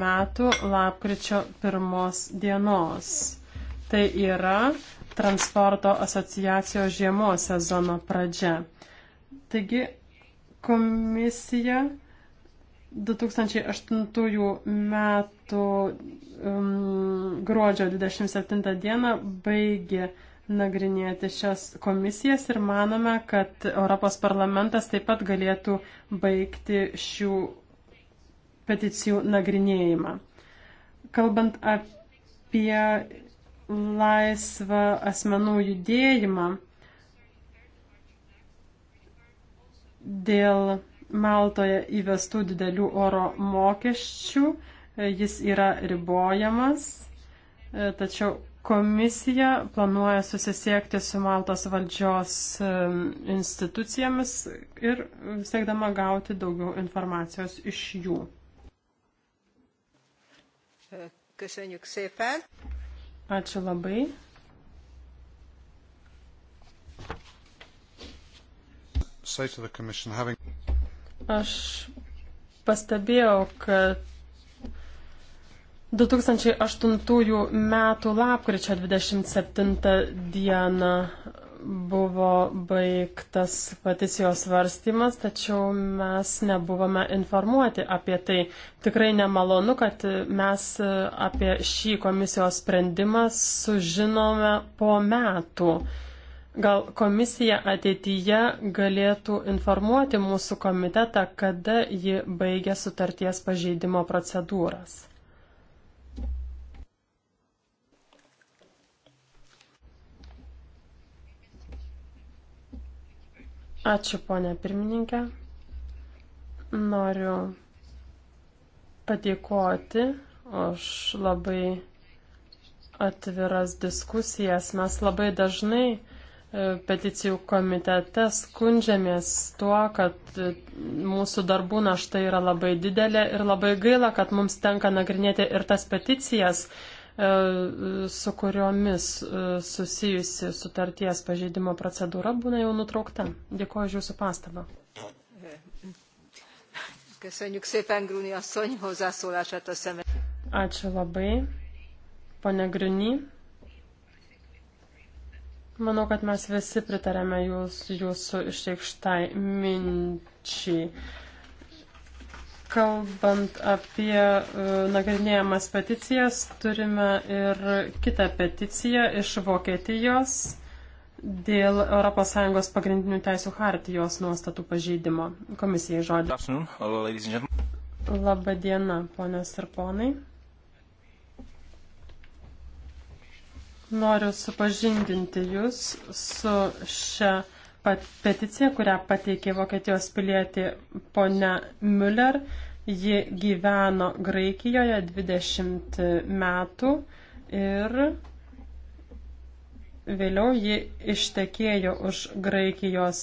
metų lapkričio 1 dienos. Tai yra transporto asociacijos žiemos sezono pradžia. Taigi komisija 2008 metų um, gruodžio 27 dieną baigė nagrinėti šias komisijas ir manome, kad Europos parlamentas taip pat galėtų baigti šių peticijų nagrinėjimą. Kalbant apie laisvą asmenų judėjimą dėl Maltoje įvestų didelių oro mokesčių, jis yra ribojamas, tačiau komisija planuoja susisiekti su Maltos valdžios institucijomis ir siekdama gauti daugiau informacijos iš jų. Köszönjük szépen. Ačiū labai. Aš pastebėjau, kad 2008 m. lapkričio 27 d buvo baigtas peticijos svarstymas, tačiau mes nebuvome informuoti apie tai. Tikrai nemalonu, kad mes apie šį komisijos sprendimą sužinome po metų. Gal komisija ateityje galėtų informuoti mūsų komitetą, kada ji baigė sutarties pažeidimo procedūras. Ačiū, ponė pirmininkė. Noriu padėkoti už labai atviras diskusijas. Mes labai dažnai e, peticijų komitete skundžiamės tuo, kad e, mūsų darbų našta yra labai didelė ir labai gaila, kad mums tenka nagrinėti ir tas peticijas, E, su kuriomis e, susijusi sutarties pažeidimo procedūra būna jau nutraukta. Dėkuoju už Jūsų pastabą. Ačiū labai, pane Grini. Manau, kad mes visi pritarėme jūs, jūsų išreikštai minčiai. Kalbant apie e, nagrinėjamas peticijas, turime ir kitą peticiją iš Vokietijos dėl ES pagrindinių teisų hartijos nuostatų pažeidimo. Komisijai žodį. Labadiena, ponios ir ponai. Noriu supažindinti Jūs su šia peticija, kurią pateikė Vokietijos pilietė ponia Müller. Ji gyveno Graikijoje 20 metų ir vėliau ji ištekėjo už Graikijos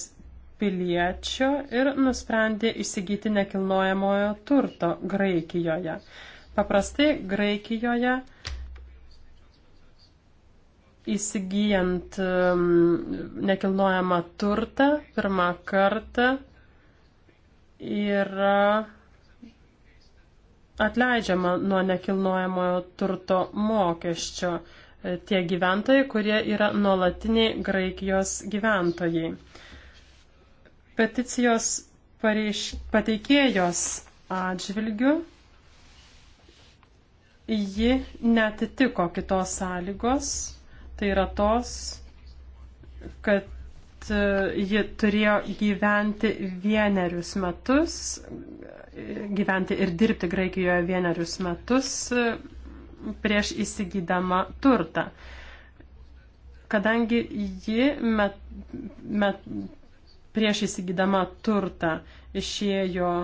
piliečio ir nusprendė įsigyti nekilnojamojo turto Graikijoje. Paprastai Graikijoje įsigijant um, nekilnojamą turtą pirmą kartą yra atleidžiama nuo nekilnojamojo turto mokesčio tie gyventojai, kurie yra nuolatiniai Graikijos gyventojai. Peticijos pareiš, pateikėjos atžvilgių ji netitiko kitos sąlygos, tai yra tos, kad E, ji turėjo gyventi vienerius metus, gyventi ir dirbti Graikijoje vienerius metus e, prieš įsigydama turtą. Kadangi ji met, met, prieš įsigydama turtą išėjo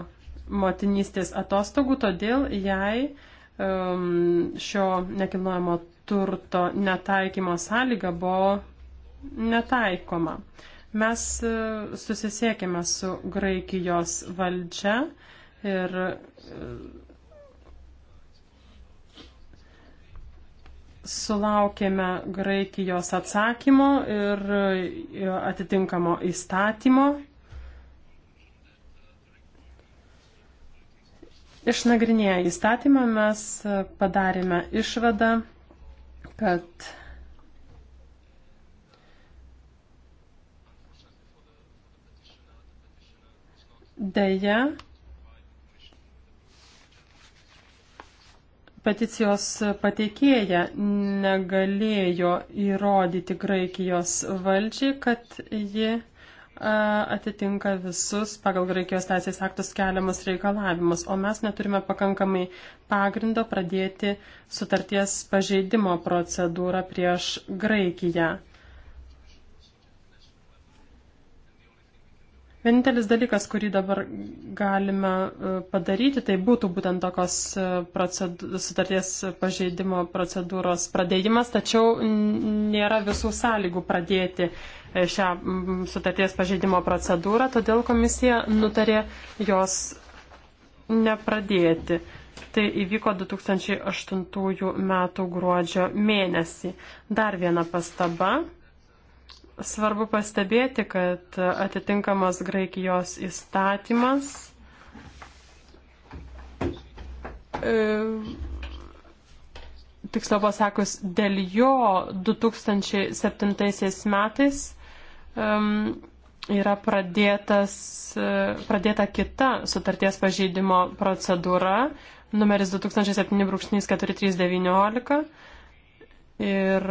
motinystės atostogų, todėl jai um, šio nekilnojamo turto netaikymo sąlyga buvo netaikoma. Mes e, susisiekime su Graikijos valdžia ir e, sulaukėme Graikijos atsakymo ir e, atitinkamo įstatymo. Išnagrinėję įstatymą mes padarėme išvadą, kad Deja, peticijos pateikėja negalėjo įrodyti Graikijos valdžiai, kad ji e, atitinka visus pagal Graikijos teisės aktus keliamus reikalavimus, o mes neturime pakankamai pagrindo pradėti sutarties pažeidimo procedūrą prieš Graikiją. Vienintelis dalykas, kurį dabar galime e, padaryti, tai būtų būtent tokios e, sutarties pažeidimo procedūros pradėjimas, tačiau nėra visų sąlygų pradėti e, šią sutarties pažeidimo procedūrą, todėl komisija nutarė jos nepradėti. Tai įvyko 2008 m. gruodžio mėnesį. Dar viena pastaba. Svarbu pastebėti, kad atitinkamas Graikijos įstatymas e, tiksliau pasakus, dėl jo 2007 metais um, yra pradėtas, e, pradėta kita sutarties pažeidimo procedūra, numeris 2007-439 ir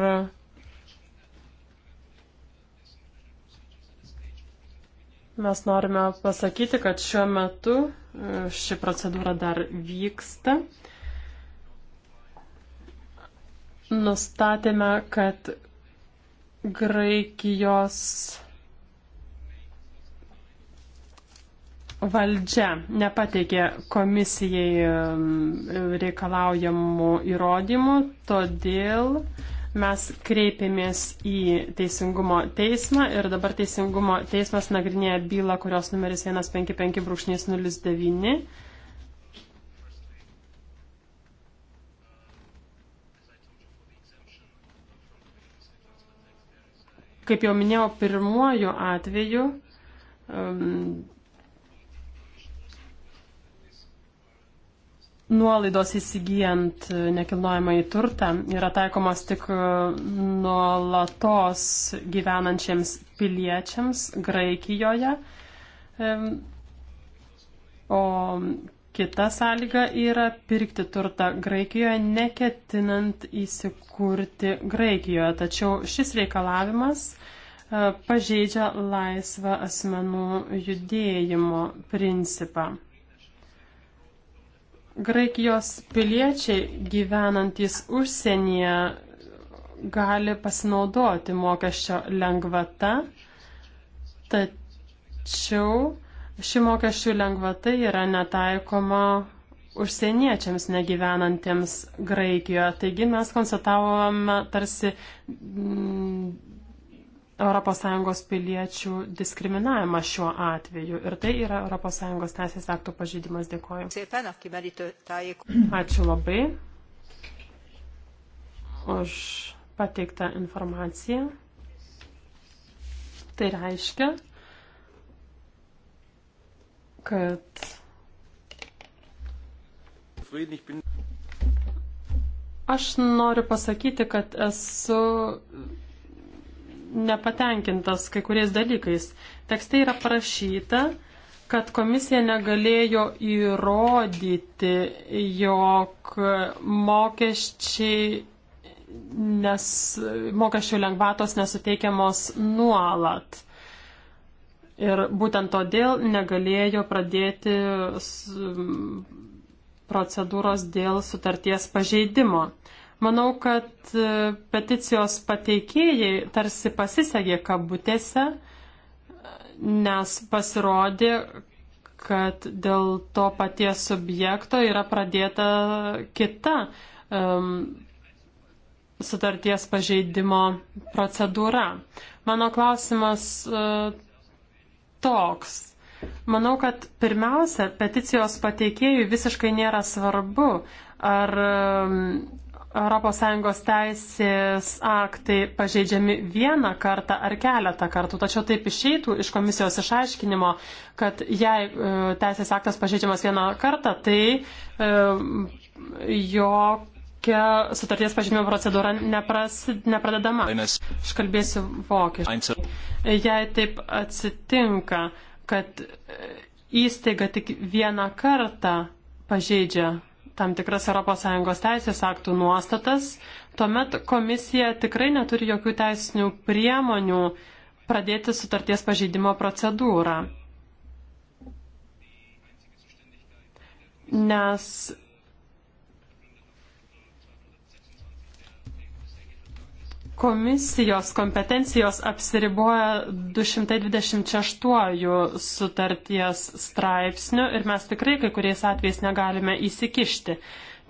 Mes norime pasakyti, kad šiuo metu e, ši procedūra dar vyksta. Nustatėme, kad Graikijos valdžia nepateikė komisijai reikalaujamų įrodymų, todėl mes kreipėmės į Teisingumo teismą ir dabar Teisingumo teismas nagrinėja bylą, kurios numeris 155-09. Kaip jau minėjau, pirmuoju atveju um, nuolaidos įsigijant nekilnojamą į turtą yra taikomos tik nuolatos gyvenančiams piliečiams Graikijoje. O kita sąlyga yra pirkti turtą Graikijoje, neketinant įsikurti Graikijoje. Tačiau šis reikalavimas e, pažeidžia laisvą asmenų judėjimo principą. Graikijos piliečiai gyvenantys užsienyje gali pasinaudoti mokesčio lengvata, tačiau ši mokesčių lengvata yra netaikoma užsieniečiams negyvenantiems Graikijoje. Taigi mes konstatavome tarsi ES piliečių diskriminavimą šiuo atveju. Ir tai yra ES teisės aktų pažydimas. Dėkoju. Ačiū labai už pateiktą informaciją. Tai reiškia, kad Aš noriu pasakyti, kad esu nepatenkintas kai kuriais dalykais. Tekste yra parašyta, kad komisija negalėjo įrodyti, jog mokesčiai nes mokesčių lengvatos nesuteikiamos nuolat. Ir būtent todėl negalėjo pradėti procedūros dėl sutarties pažeidimo. Manau, kad e, peticijos pateikėjai tarsi pasisegė kabutėse, nes pasirodė, kad dėl to paties subjekto yra pradėta kita um, sutarties pažeidimo procedūra. Mano klausimas uh, toks. Manau, kad pirmiausia, peticijos pateikėjui visiškai nėra svarbu, ar um, ES teisės aktai pažeidžiami vieną kartą ar keletą kartų, tačiau taip išeitų iš komisijos išaiškinimo, kad jei e, teisės aktas pažeidžiamas vieną kartą, tai e, jokia sutarties pažymimo procedūra nepras, nepradedama. Aš kalbėsiu vokiškai. Jei taip atsitinka, kad e, įstaiga tik vieną kartą pažeidžia tam tikras ES teisės aktų nuostatas, tuomet komisija tikrai neturi jokių teisinių priemonių pradėti sutarties pažeidimo procedūrą. Nes komisijos kompetencijos apsiriboja 226 sutarties straipsniu ir mes tikrai kai kuriais atvejais negalime įsikišti.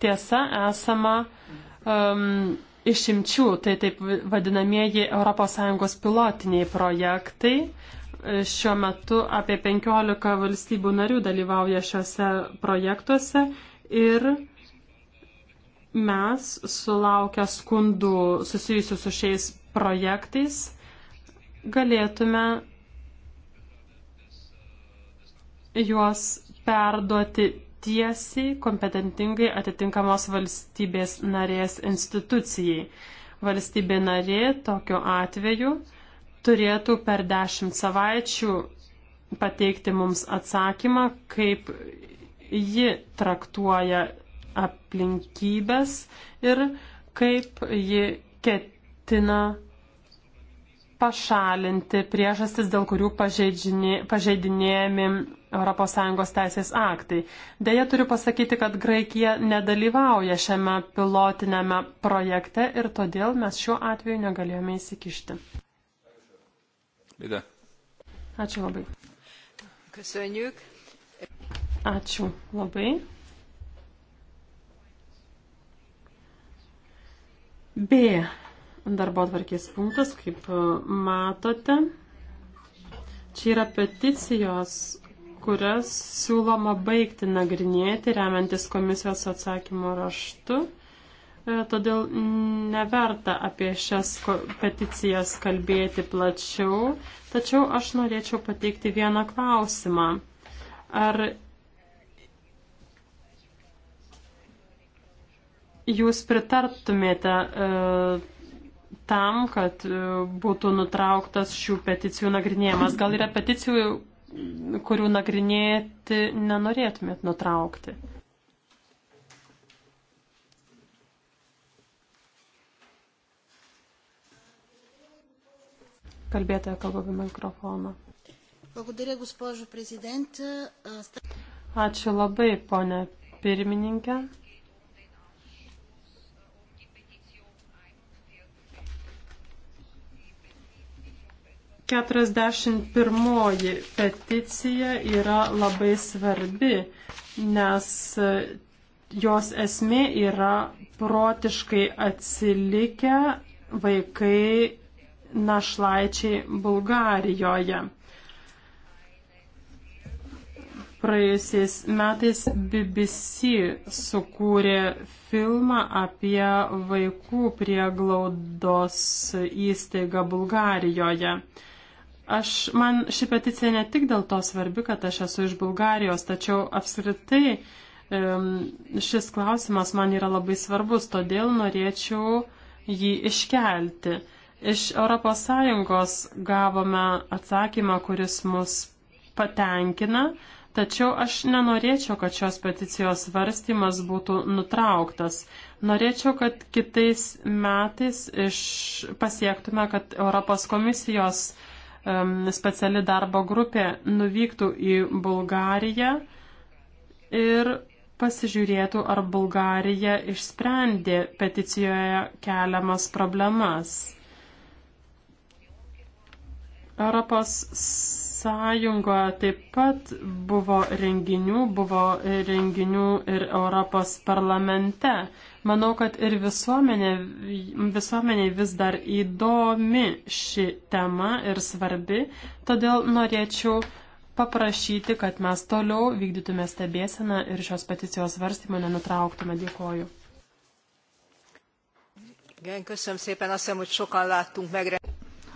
Tiesa, esama um, išimčių, tai taip vadinamieji ES pilotiniai projektai. Šiuo metu apie 15 valstybių narių dalyvauja šiuose projektuose ir mes sulaukę skundų susijusių su šiais projektais galėtume juos perduoti tiesiai kompetentingai atitinkamos valstybės narės institucijai. Valstybė narė tokiu atveju turėtų per dešimt savaičių pateikti mums atsakymą, kaip ji traktuoja aplinkybės ir kaip ji ketina pašalinti priežastis, dėl kurių pažeidinėjami ES teisės aktai. Deja, turiu pasakyti, kad Graikija nedalyvauja šiame pilotinėme projekte ir todėl mes šiuo atveju negalėjome įsikišti. Bida. Ačiū labai. Köszönjük. Ačiū labai. B darbo atvarkės punktas, kaip e, matote. Čia yra peticijos, kurias siūloma baigti nagrinėti, remiantis komisijos atsakymo raštu. E, todėl neverta apie šias peticijas kalbėti plačiau, tačiau aš norėčiau pateikti vieną klausimą. Ar jūs pritartumėte e, tam, kad e, būtų nutrauktas šių peticijų nagrinėjimas. Gal yra peticijų, kurių nagrinėti nenorėtumėt nutraukti? Kalbėtoja kalba be mikrofono. Ačiū labai, ponė pirmininkė. 41 peticija yra labai svarbi, nes jos esmė yra protiškai atsilikę vaikai našlaičiai Bulgarijoje. Praėjusiais metais BBC sukūrė filmą apie vaikų prieglaudos įstaigą Bulgarijoje. Aš, man ši peticija ne tik dėl to svarbi, kad aš esu iš Bulgarijos, tačiau apskritai šis klausimas man yra labai svarbus, todėl norėčiau jį iškelti. Iš ES gavome atsakymą, kuris mus patenkina, tačiau aš nenorėčiau, kad šios peticijos svarstymas būtų nutrauktas. Norėčiau, kad kitais metais iš, pasiektume, kad Europos komisijos uh, speciali darbo grupė nuvyktų į Bulgariją ir pasižiūrėtų, ar Bulgarija išsprendė peticijoje keliamas problemas. Europos Sąjungoje taip pat buvo renginių, buvo renginių ir Europos parlamente. Manau, kad ir visuomenė, visuomenė vis dar įdomi ši tema ir svarbi, todėl norėčiau paprašyti, kad mes toliau vykdytume stebėseną ir šios peticijos svarstymą nenutrauktume. Dėkoju.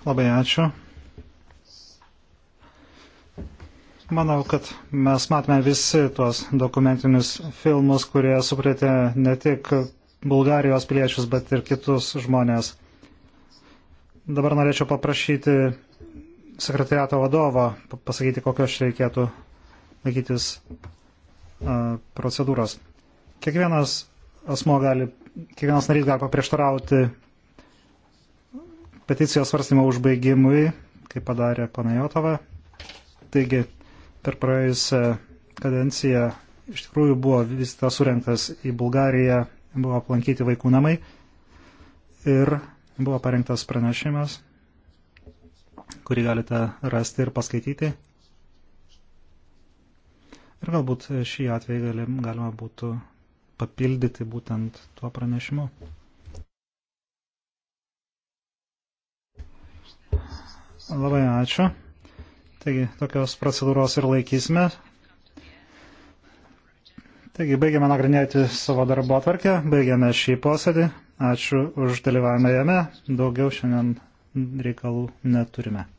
Labai ačiū. Manau, kad mes matome visi tuos dokumentinius filmus, kurie sukrėtė ne tik Bulgarijos piliečius, bet ir kitus žmonės. Dabar norėčiau paprašyti sekretariato vadovo pasakyti, kokios reikėtų laikytis uh, procedūros. Kiekvienas asmo gali, kiekvienas narys gali paprieštarauti peticijos svarstymo užbaigimui, kaip padarė pana Jotova. Taigi, Per praėjusią kadenciją iš tikrųjų buvo vizitas surinktas į Bulgariją, buvo aplankyti vaikų namai ir buvo parengtas pranešimas, kurį galite rasti ir paskaityti. Ir galbūt šį atvejį galim, galima būtų papildyti būtent tuo pranešimu. Labai ačiū. Taigi tokios procedūros ir laikysime. Taigi baigiame nagrinėti savo darbo atvarkę, baigiame šį posėdį. Ačiū už dalyvavimą jame. Daugiau šiandien reikalų neturime.